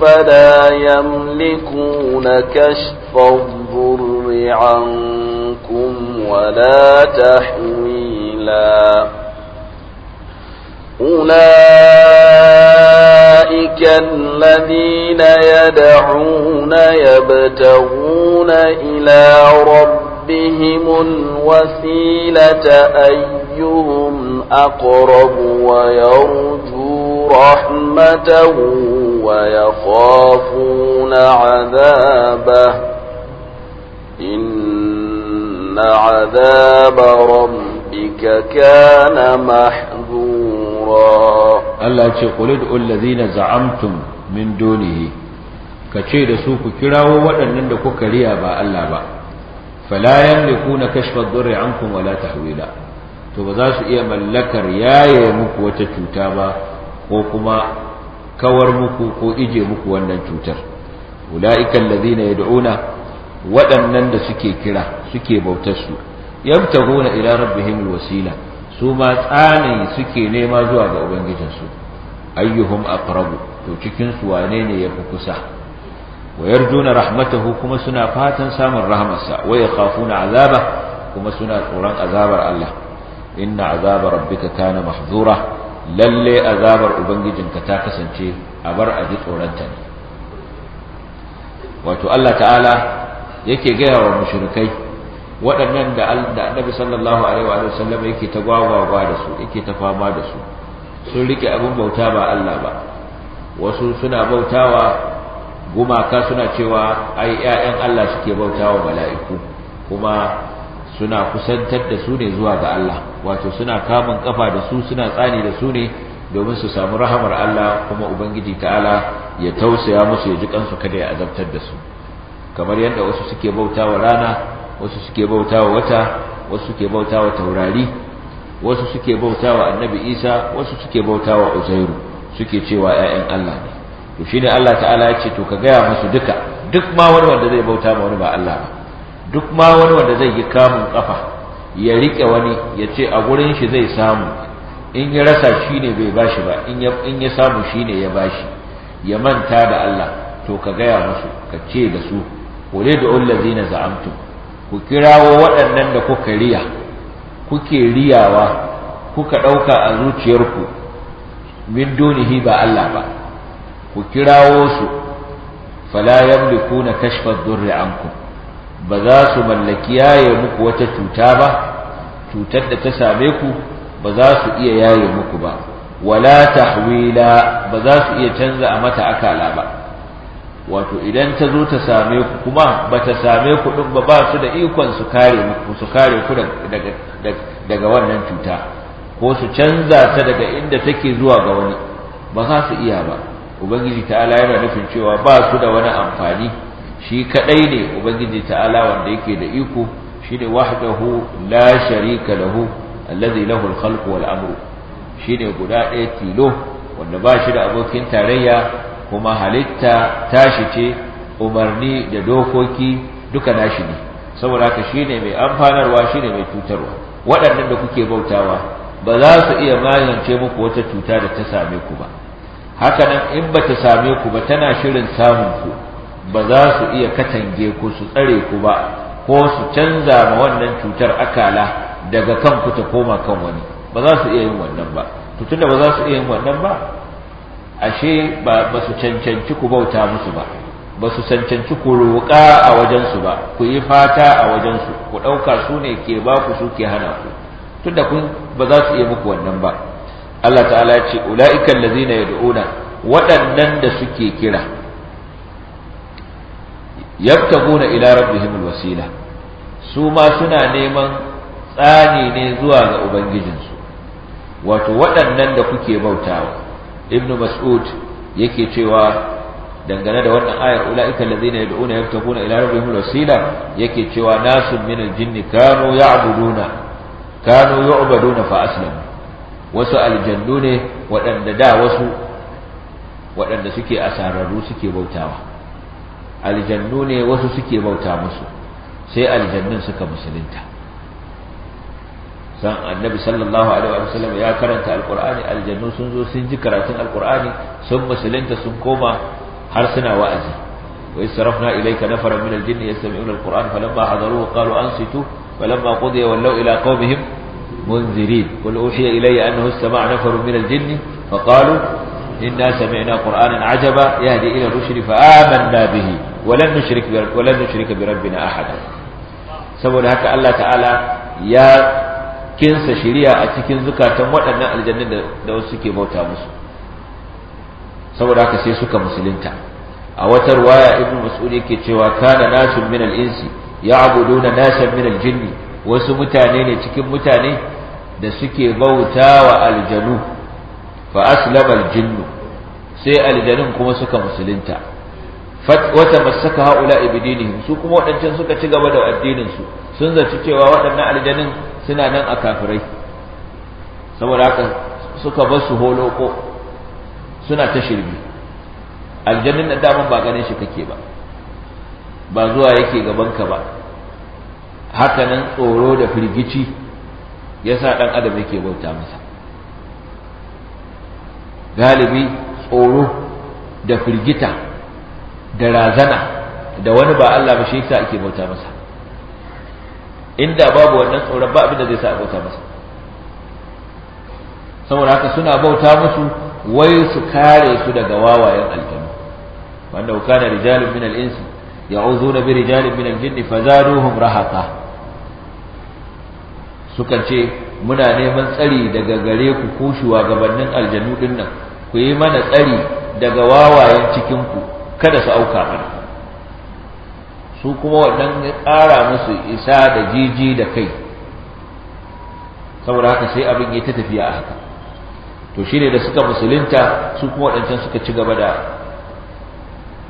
فلا يملكون كشف الضر عنكم ولا تحويلا أولئك الذين يدعون يبتغون إلى ربهم الوسيلة أيهم أقرب ويرجو رحمته ويخافون عذابه إن عذاب ربك كان محذورا الله يقول ادعوا الذين زعمتم من دونه kace da su ku kirawo waɗannan da kuka riya ba Allah ba fala yamlikuna kashfa ad-durri ankum wala tahwila to ba za su iya mallakar yaye muku wata cuta ba ko kuma kawar muku ko ije muku wannan cutar ulaika ya yad'una waɗannan da suke kira suke bautar su yabtaguna ila rabbihim wasila su ma tsani suke nema zuwa ga ubangijinsu ayyuhum aqrabu to cikin su wane ne yafi kusa wa yarjuna rahmatahu kuma suna fatan samun rahmarsa wa yakhafuna azaba kuma suna tsoron azabar Allah inna azaba rabbika kana mahzura lalle azabar ubangijinka ta kasance a bar a ji tsoronta ne wato Allah ta'ala yake gaya wa mushrikai waɗannan da annabi sallallahu alaihi wa sallam yake ta gwagwagwa da su yake ta fama da su sun rike abin bauta ba Allah ba wasu suna bautawa gumaka suna cewa ai ƴaƴan Allah suke bautawa mala'iku kuma suna kusantar da su ne zuwa ga Allah wato suna kamun kafa da su suna tsani da su ne domin su samu rahamar Allah kuma ubangiji ta'ala ya tausaya musu ya ji kansu kada ya azabtar da su kamar yadda wasu suke bauta wa rana wasu suke bauta wa wata wasu suke bauta wa taurari wasu suke bauta wa annabi isa wasu suke bauta wa uzairu suke cewa ya'yan Allah ne to shi ne Allah ta'ala ya ce to ka gaya musu duka duk ma wani wanda zai bauta ma wani ba Allah ba duk ma wani wanda zai yi kamun kafa ya rike wani ya ce a gurin shi zai samu in ya rasa shi ne bai bashi ba in ya in ya samu shine ya bashi ya manta da Allah to ka gaya musu ka ce da su kule da ullazina za'amtum ku kirawo waɗannan da kuka riya kuke riyawa kuka ɗauka a zuciyarku min dunihi ba Allah ba ku kirawo su fala yamlikuna kashfa dhurri ankum ba za su mallaki yaye muku wata cuta ba cutar da ta same ku ba za su iya yaye muku ba wala tahwila ba za su iya canza a mata akala ba wato idan ta zo ta same ku kuma ba ta same ku din ba ba su da ikon su kare ku su kare ku daga wannan cuta ko su canza ta daga inda take zuwa ga wani ba za su iya ba ubangiji ta'ala yana nufin cewa ba su da wani amfani shi kadai ne ubangiji ta'ala wanda yake da iko shine wahdahu la sharika lahu alladhi lahu al-khalqu wal amru shine guda ɗaya tilo wanda ba shi da abokin tarayya kuma halitta tashi ce umarni da dokoki duka nashi ne saboda haka shine mai amfanarwa shine mai cutarwa waɗannan da kuke bautawa ba za su iya magance muku wata cuta da ta same ku ba haka nan in ba ta same ku ba tana shirin samun ku ba za su iya katange ku su tsare ku ba ko su canza ma wannan cutar akala daga kanku ta koma kan wani ba za su iya yin wannan ba Tutun da ba za su iya yin wannan ba ashe ba su cancanci ku bauta musu ba ba su cancanci ku roƙa a wajensu ba ku yi fata a wajensu ku ɗauka su ne ke ba ku su ke hana ku tunda kun ba za su iya muku wannan ba Allah ta'ala ya ce ula'ikan lazina yad'una waɗannan da suke kira yabtaguna ila rabbihim wasila su ma suna neman tsani ne zuwa ga ubangijinsu wato waɗannan da kuke bautawa ibn mas'ud yake cewa dangane da wannan ayar ulaika allazina yad'una yaftabuna ila rabbihim wasila yake cewa nasun min aljinni kanu ya'buduna kanu yu'baduna fa aslam wasu aljannu ne waɗanda da wasu waɗanda suke asararru suke bautawa aljannu ne wasu suke bauta musu sai aljannun suka musulunta san annabi sallallahu alaihi wa sallam ya karanta alqur'ani aljannu sun zo sun ji karatun alqur'ani sun musulunta sun koma har suna wa'azi wa israfna ilayka nafaran min aljinni yastami'una alqur'an falamma hadaruhu qalu ansitu falamma qudiya wallaw ila qaumihim munzirin qul uhiya ilayya annahu istama'a nafarun min aljinni faqalu inna sami'na qur'anan ajaba yahdi ila rushdi fa amanna bihi wa lan nushrik bi rabbina ahada saboda haka Allah ta'ala ya kinsa shari'a a cikin zukatan waɗannan aljannin da wasu suke bauta musu saboda haka sai suka musulunta a wata ruwaya ibnu mas'ud yake cewa kana nasun min al-insi ya'buduna nasan min al jinn wasu mutane ne cikin mutane da suke bauta wa aljanu fa aslama al jinn sai aljanun kuma suka musulunta wata masaka haula ibidinihim su kuma waɗancan suka ci gaba da addinin su sun zaci cewa waɗannan aljanun suna nan a kafirai saboda haka suka bar su holoko suna ta shirbi aljannin da daman ba ganin shi kake ba ba zuwa yake gabanka ba haka nan tsoro da firgici ya sa ɗan adam yake bauta masa galibi tsoro da firgita da razana da wani ba Allah ba shi yasa ake bauta masa inda babu wannan tsoron ba abin zai sa a masa saboda haka suna bauta musu wai su kare su daga wawayen aljanu wanda kana rijalun min al-insi ya'uduna bi rijalin min al-jinni fazaduhum rahaqa sukan ce muna neman tsari daga gare ku ko shugabannin aljanu dinnan. ku yi mana tsari daga wawayen cikin ku kada su auka mana su kuma waɗannan ya ƙara musu isa da jiji da kai saboda haka sai abin ya ta tafiya a haka to shi ne da suka musulunta su kuma waɗancan suka ci gaba da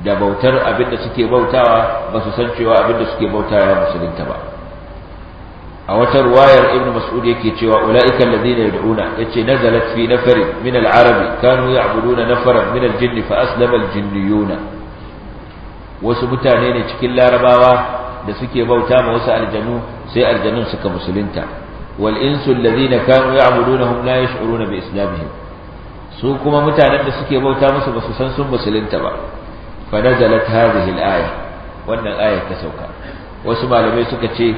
da bautar abin da suke bautawa ba su san cewa abin da suke bautawa musulunta ba a wata ruwayar Ibn mas'ud yake cewa ulaika alladhina yad'una yace nazalat fi nafarin min al-arabi kanu ya'buduna nafaran min al-jinni fa aslama al-jinniyuna wasu mutane ne cikin larabawa da suke bauta ma wasu aljanu sai aljanun suka musulunta wal insu alladhina kanu ya'budunahum la yash'uruna bi islamihim su kuma mutanen da suke bauta musu basu san sun musulunta ba fa nazalat hadhihi al-aya wannan aya ta sauka wasu malamai suka ce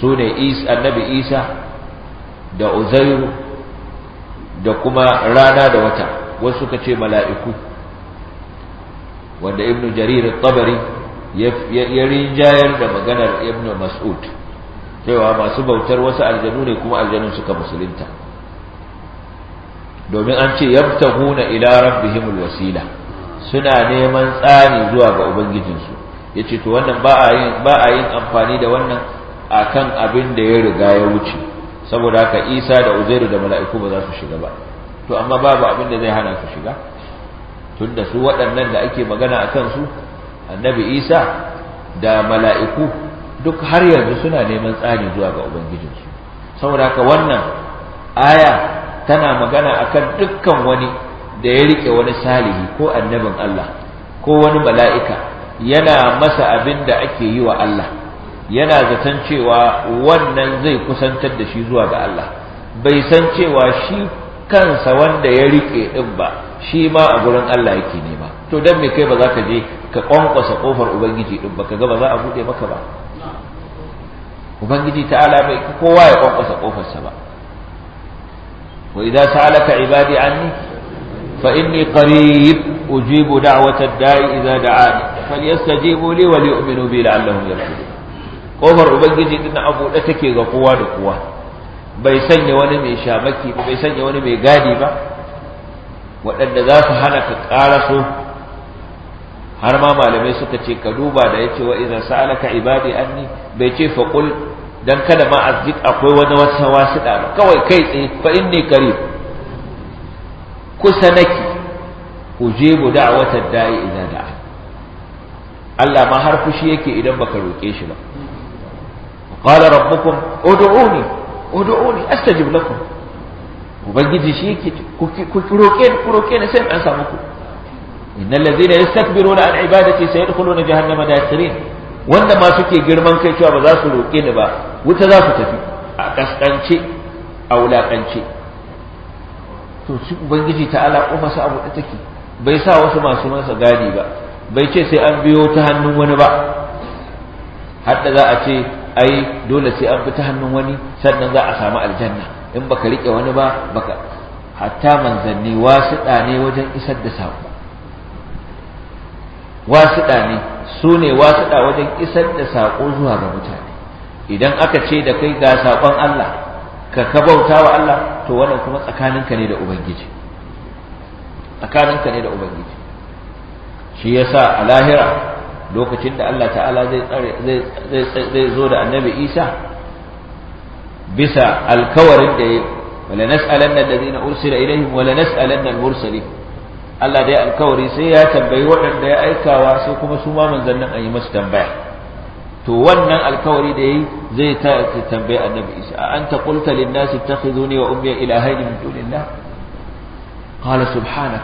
su ne annabi Isa da Uzairu da kuma rana da wata wasu suka ce mala'iku wanda ibnu jarir tabari ya rinjayar da maganar ibnu mas'ud cewa masu bautar wasu aljanu ne kuma aljanun suka musulunta domin an ce yabtahuna ila rabbihimul wasila suna neman tsani zuwa ga ubangijinsu yace to wannan ba a yin ba a yin amfani da wannan akan abin da ya riga ya wuce saboda haka Isa da Uzairu da mala'iku ba za su shiga ba to amma babu abin da zai hana su shiga tunda su waɗannan da ake magana a kansu annabi isa da mala'iku duk har yanzu suna neman tsari zuwa ga ubangijinsu saboda haka wannan aya tana magana a kan dukkan wani da ya riƙe wani salihi ko annabin Allah ko wani mala'ika yana masa abin da ake yi wa Allah yana zaton cewa wannan zai kusantar da shi zuwa ga Allah bai san cewa shi kansa wanda ya riƙe ɗin ba shi ma a gurin Allah yake nema to dan me kai ba za ka je ka kwankwasa kofar ubangiji din baka ga ba za a bude maka ba ubangiji ta'ala bai kowa ya kwankwasa sa ba wa idza sa'alaka ibadi anni fa inni qarib ujibu da'wata da'i idza da'ani falyastajibu li wa liyu'minu bi la'allahum yarshudun kofar ubangiji din a bude take ga kowa da kowa bai sanya wani mai shamaki ba bai sanya wani mai gadi ba waɗanda za su hana ka so, har ma malamai suka ce ka duba da yace wa idan sa'alaka ibadi anni bai ce fa dan kada ma azzik akwai wani wata wasiɗa ba kawai kai tsaye fa inni qarib kusa nake ujibu da'watad da'i idan da'a Allah ma har fushi yake idan baka roke shi ba qala rabbukum ud'uni ud'uni astajib lakum ubangiji shi ke ku roƙe ku roƙe ne sai an samu ku innal ladzina yastakbiruna an ibadati sayadkhuluna jahannama dakhirin wanda ma suke girman kai cewa ba za su roƙe ni ba wuta za su tafi a kaskance a wulakance to shi ubangiji ta'ala ko masa abu da take bai sa wasu masu masa gadi ba bai ce sai an biyo ta hannun wani ba har da za a ce ai dole sai an bi ta hannun wani sannan za a samu aljanna in baka rike wani ba baka hatta manzanni wasuɗa ne wajen isar da saƙo wasuɗa ne su ne ɗa wajen isar da saƙo zuwa ga mutane idan aka ce da kai ga saƙon Allah ka ka bauta wa Allah to wannan kuma tsakaninka ne da ubangiji tsakaninka ne da ubangiji shi yasa a lahira lokacin da Allah ta'ala zai zo da annabi Isa بس الكور الدي ولنسألن الذين أرسل إليهم ولنسألن المرسلين الله دي الكور سيا تبي وحن دي أي كواسي من زنن أي مستنبه تونن الكور دي زي تأتي تنبي النبي إساء أنت قلت للناس اتخذوني وأمي إلهين من دون الله قال سبحانك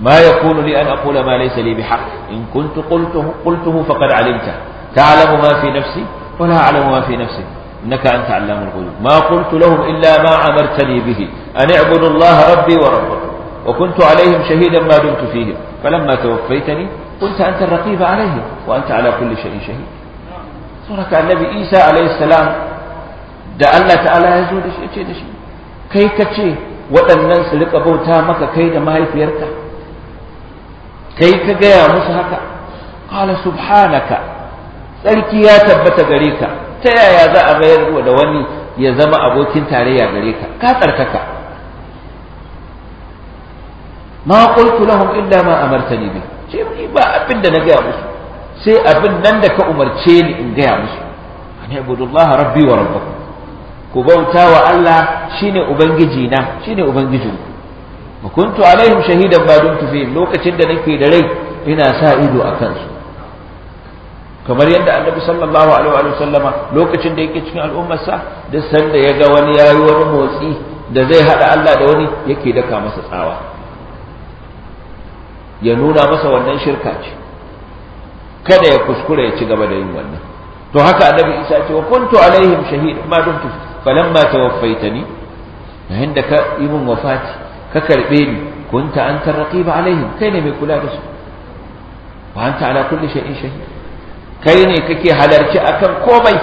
ما يقول لي أن أقول ما ليس لي بحق إن كنت قلته قلته فقد علمته تعلم ما في نفسي ولا أعلم ما في نفسك إنك أنت علام الغيوب ما قلت لهم إلا ما أمرتني به أن اعبدوا الله ربي وربكم وكنت عليهم شهيدا ما دمت فيهم فلما توفيتني كنت أنت الرقيب عليهم وأنت على كل شيء شهيد سورة النبي إيسى عليه السلام da Allah ta'ala ya zo da shi ce da shi kai ka ce waɗannan su rika bauta maka kai da mahaifiyarka kai ka gaya musu haka qala subhanaka tsarki ya tabbata gare ka ta yaya za a mayar da wani ya zama abokin tarayya gare ka ka tsarkaka ma qultu lahum illa ma amartani bi shi ba abin da na gaya musu sai abin nan da ka umarce ni in gaya musu an ibudullah rabbi wa rabbakum ku bauta wa Allah shine ubangiji na shine ubangijinku ku kuntu alaihim shahidan ba dumtu fihim lokacin da nake da rai ina sa ido a kansu kamar yadda annabi sallallahu alaihi wa sallama lokacin da yake cikin al'ummarsa duk sanda ya ga wani yayi wani motsi da zai hada Allah da wani yake daka masa tsawa ya nuna masa wannan shirka ce kada ya kuskura ya ci gaba da yin wannan to haka annabi isa ce wa kuntu alaihim shahid ma dumtu falamma tawaffaitani yayin da ka yi min wafati ka karbe ni kunta antar raqiba alaihim kai ne mai kula da su wa anta ala kulli shay'in shahid kai ne kake halarci akan komai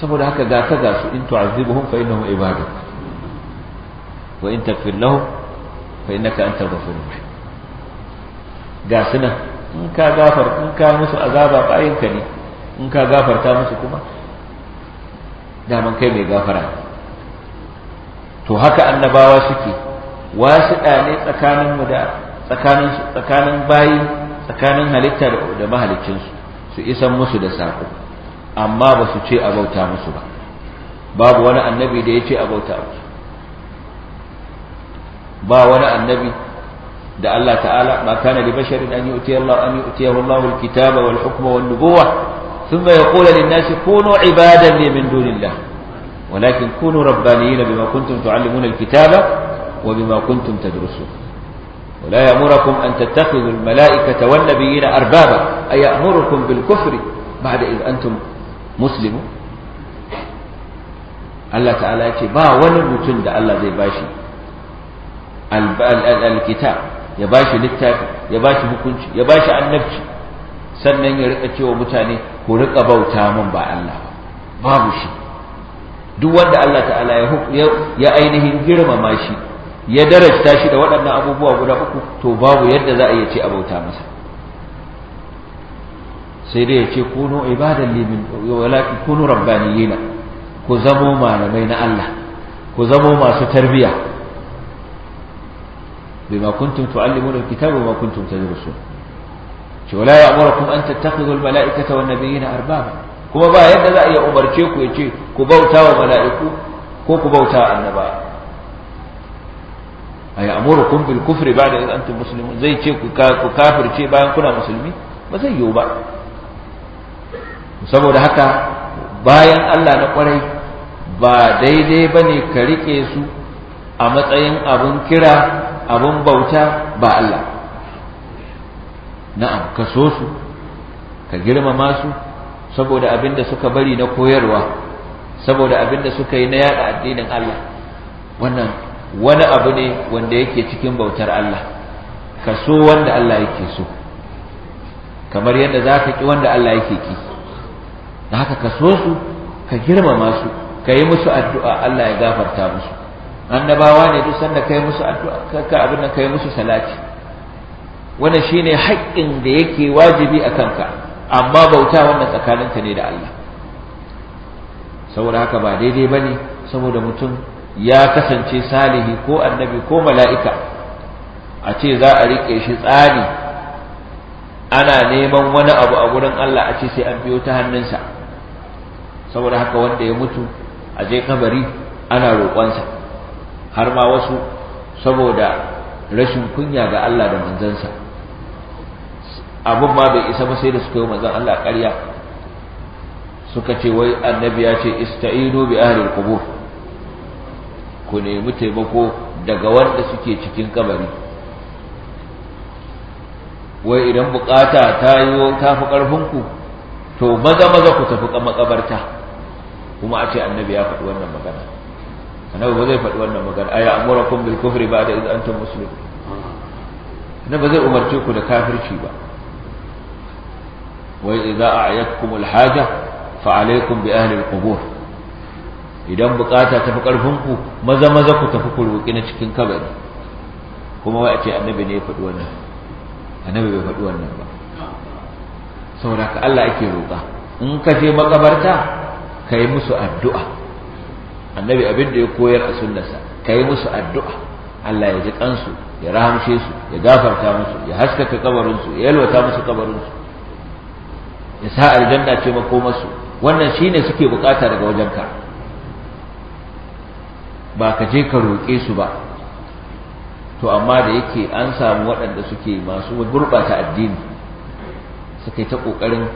saboda haka ga ka ga su in tu'azibuhum fa innahum ibaduk wa in taghfir lahum fa innaka antal ghafur rahim ga sunan, in ka gafar in ka musu azaba bayin ka ne in ka gafarta musu kuma daman kai mai gafara to haka annabawa suke wasu ɗane tsakaninmu da tsakanin bayi tsakanin halitta da mahalicinsu su isan musu da saƙo amma ba su ce a bauta musu ba babu wani annabi da ya ce a bauta musu ba wani annabi da Allah ta'ala ma kana li basharin an yi yu'tiya Allah an yu'tiyahu Allah al-kitaba wal hukma wan nubuwa thumma yaqulu lin nasi kunu ibadan ne min dunillah walakin kunu rabbaniyin bima kuntum tu'allimuna al-kitaba wa bima kuntum tadrusun ولا يأمركم أن تتخذوا الملائكة والنبيين أربابا أيأمركم بالكفر بعد إذ أنتم مسلمون الله تعالى يأتي با ولن الله زي باشي الكتاب يا باشي للتاج يا باشي مكنش يا باشي عن نفسي سنن يرقتي ومتاني ورق بوتا من الله بابشي دو ود الله تعالى يا ينهي جرم ماشي ya darajta shi da waɗannan abubuwa guda uku to babu yadda za a iya ce a bauta masa sai dai ya ce kuno ibadan limin min kuno rabbaniyina ku zamo malamai na Allah ku zamo masu tarbiya bima kuntum tu'allimuna alkitaba wa kuntum tadrusun ce wala ya'murukum an tattakhidhu almala'ikata wan nabiyina arbaba kuma ba yadda za a iya umarce ku ya ce ku bauta wa mala'iku ko ku bauta annaba ayamurukum bil kufri ba'da idh antum muslimun zai ce ku ku kafirce bayan kuna musulmi ba zai yiwu ba saboda haka bayan Allah na kwarai ba daidai ba ne ka rike su a matsayin abun kira abun bauta ba Allah na'am ka so su ka girmama su saboda abinda suka bari na koyarwa saboda abinda suka yi na yada addinin Allah wannan wani abu ne wanda yake cikin bautar Allah ka so wanda Allah yake so kamar yadda za ka ƙi wanda Allah yake ƙi da haka ka so su ka girmama su ka yi musu addu'a Allah ya gafarta musu annabawa ne duk sanda yi musu addu'a ka abin da yi musu salati wannan shine haƙƙin da yake wajibi a kanka amma bauta wannan tsakaninta ne da Allah saboda haka ba daidai ba ne saboda mutum ya kasance salihi ko annabi ko mala'ika a ce za a riƙe shi tsari ana neman wani abu a wurin Allah a ce sai an biyo ta hannunsa saboda haka wanda ya mutu a je kabari ana roƙonsa har ma wasu saboda rashin kunya ga Allah da manzansa abin ma bai isa ba sai da suka yi manzan Allah ƙarya suka ce wai annabi ya ce ista'inu bi ahlil qubur ku nemi taimako daga wanda suke cikin kabari wai idan bukata ta yi ta fi ƙarfinku to maza maza ku tafi makabarta kuma a ce annabi ya faɗi wannan magana annabi ba zai faɗi wannan magana aya amurakum bil kufri ba da iz antum muslimun annabi zai umarce ku da kafirci ba wai idza a'yatkum al haja fa alaykum bi ahli al qubur idan bukata tafi karfinku maza maza ku tafi ku na cikin kabari kuma wai a ce annabi ne ya faɗi wannan annabi bai faɗi wannan ba saboda ka Allah ake roƙa in ka je makabarta ka yi musu addu'a annabi abin da ya koyar a sunnarsa ka yi musu addu'a Allah ya ji kansu ya rahamshe su ya gafarta musu ya haskaka kabarinsu ya yalwata musu kabarinsu ya sa aljanna ce makomarsu wannan shine suke bukata daga wajen ka. ba ka je ka roƙe su ba to amma da yake an samu waɗanda suke masu gurɓata addini suka yi ta ƙoƙarin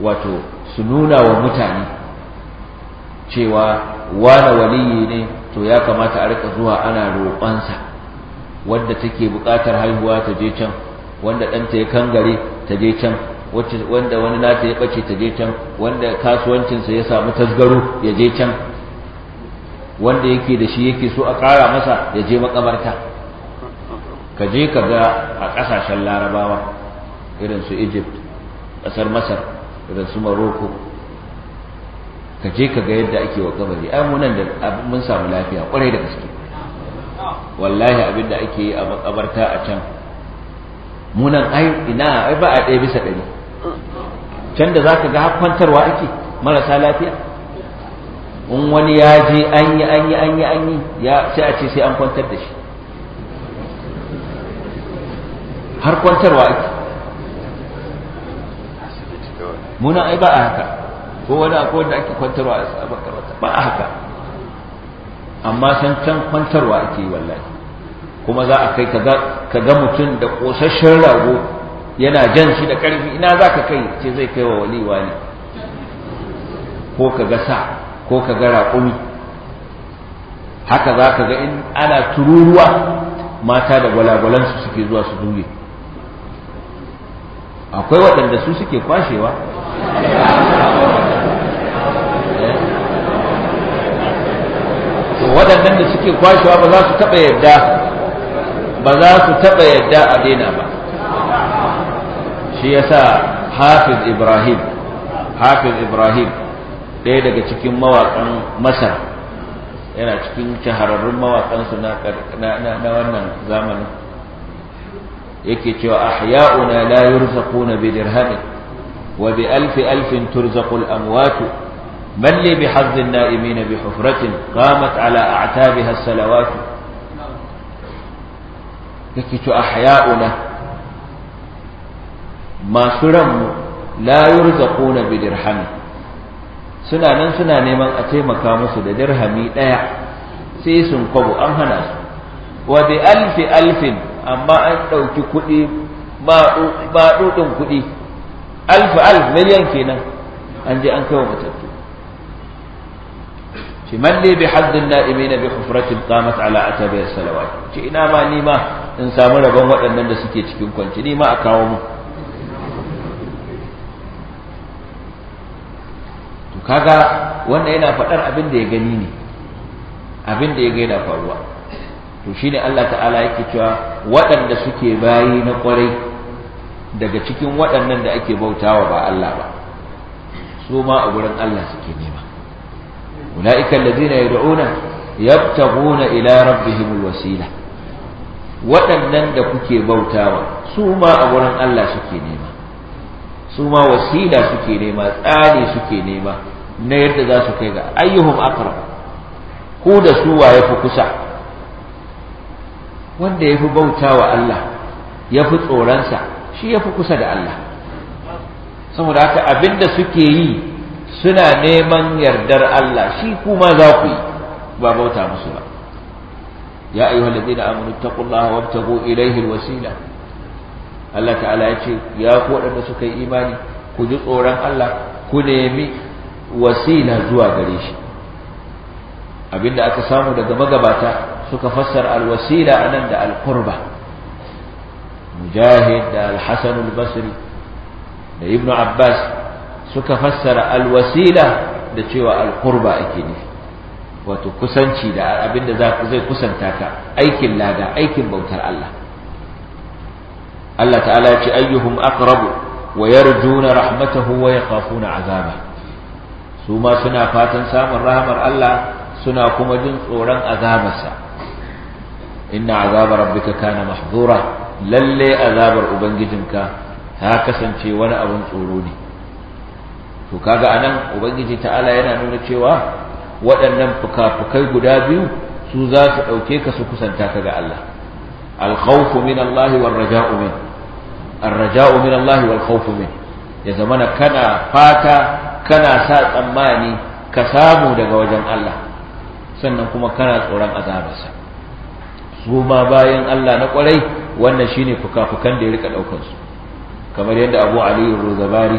wato su nuna wa mutane cewa wane waliyi ne to ya kamata a rika zuwa ana roƙonsa wanda take buƙatar haihuwa ta je can wanda ɗanta ya kangare ta je can wanda wani nata ya ɓace ta je can wanda kasuwancinsa ya samu tasgaro ya je can wanda yake da shi yake so a ƙara masa ya je makabarta ka je ka ga a ƙasashen larabawa irin su egypt ƙasar masar irin su morocco ka je ka ga yadda ake wa kabari ai mu nan da mun samu lafiya kwarai da gaske wallahi abin da ake yi a makabarta a can munan, ai ina ai ba a ɗaya bisa ɗari can da zaka ga kwantarwa ake marasa lafiya in wani ya je an yi an yi an yi an yi ya sai a ce sai an kwantar da shi har kwantarwa ake muna ai ba a haka ko wani akwai wanda ake kwantarwa a sabakarwata ba a haka amma san can kwantarwa ake yi wallahi kuma za a kai ka ga mutum da ƙosasshen rago yana jan shi da ƙarfi ina za ka kai ce zai kai wa wali wani ko ka ga sa ko ka ga raƙumi haka za ka ga in ana tururuwa mata da gwalagwalansu suke zuwa su duge akwai waɗanda su suke kwashewa waɗannan da suke kwashewa ba za su taɓa yadda ba za su taɓa yadda a daina ba shi yasa hafiz ibrahim hafiz ibrahim ɗaya daga cikin mawaƙan masar yana cikin shahararrun su na wannan zamanin yake cewa ahya'una la yurzaquna bi dirhamin wa bi alfi alfin turzaqul amwatu man li bi hazzin na'imin bi hufratin qamat ala a'tabiha as-salawat yake cewa ahya'una masu ranmu la yurzaquna bi dirhamin suna nan suna neman a taimaka musu da dirhami ɗaya sai sun kwabo an hana su wa bi alfi alfin amma an ɗauki kuɗi ba ɗuɗin kuɗi alfi alf miliyan kenan an je an kai wa matattu ci man ne bi haddin na'imi na bi kamata ala atabi salawat ce ina ma nima in samu rabon waɗannan da suke cikin kwanci nima a kawo mu kaga wannan yana faɗar abin da ya gani ne abin da ya ga yana faruwa to shine Allah ta'ala yake cewa waɗanda suke bayi na ƙwarai daga cikin waɗannan da ake bautawa ba Allah ba su ma a gurin Allah suke nema ulaika allazina yad'una yabtaguna ila rabbihim wasila waɗannan da kuke bautawa su ma a gurin Allah suke nema su ma wasila suke nema tsari suke nema na yadda za su kai ga ayyuhum aqrab ku da su waye fi kusa wanda yafi bauta wa Allah yafi tsoronsa shi yafi kusa da Allah saboda haka abinda suke yi suna neman yardar Allah shi kuma za ku yi ba bauta musu ba ya ayyuhal ladina amanu taqullaha wabtagu ilayhi alwasila Allah ta'ala ya ce ya ku wadanda suka yi imani ku ji tsoron Allah ku nemi wasila zuwa gare shi abinda aka samu daga magabata suka fassara alwasila anan da alqurba mujahid da alhasan albasri da ibnu abbas suka fassara alwasila da cewa alkurba ake nufi wato kusanci da abinda zai kusanta ka aikin lada aikin bautar Allah Allah ta'ala ya ce ayyuhum aqrabu wa yarjuna rahmatahu wa yakhafuna azaba su ma suna fatan samun rahamar Allah suna kuma jin tsoron azabarsa inna azabar rabbika kana mahzura lalle azabar ubangijinka ta kasance wani abin tsoro ne to kaga anan ubangiji ta'ala yana nuna cewa waɗannan fuka-fukai guda biyu su za su ɗauke ka su kusanta ka ga Allah alkhawfu min Allah wal raja'u min ar-raja'u min Allah wal khawfu min ya zamana kana fata kana sa tsammani ka samu daga wajen Allah sannan kuma kana tsoron azabarsa su ma bayan Allah na kwarai wannan shine fuka-fukan da ya rika ɗaukansu. kamar yadda Abu aliyu rozabari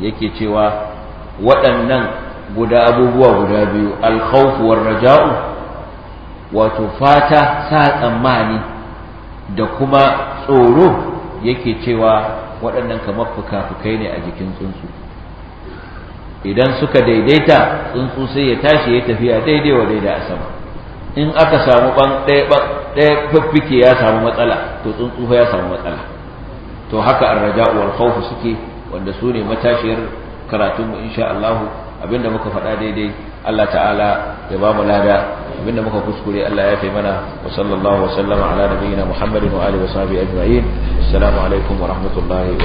yake cewa waɗannan guda abubuwa guda biyu alkhaufuwar war raja'u wato fata sa tsammani da kuma tsoro yake cewa waɗannan kamar fuka-fukai ne a jikin tsuntsu idan suka daidaita tsuntsu sai ya tashi ya tafiya daidai wa daidai a sama in aka samu ban ɗaya fiffike ya samu matsala to tsuntsu ya samu matsala to haka raja uwar kawfi suke wanda su ne matashiyar karatunmu mu insha allahu abinda muka faɗa daidai Allah ta'ala ya ba mu lada abinda muka kuskure Allah ya kai mana wa sallallahu wa sallama ala nabiyyina Muhammadin wa alihi wa sahbihi ajma'in assalamu alaikum wa rahmatullahi wa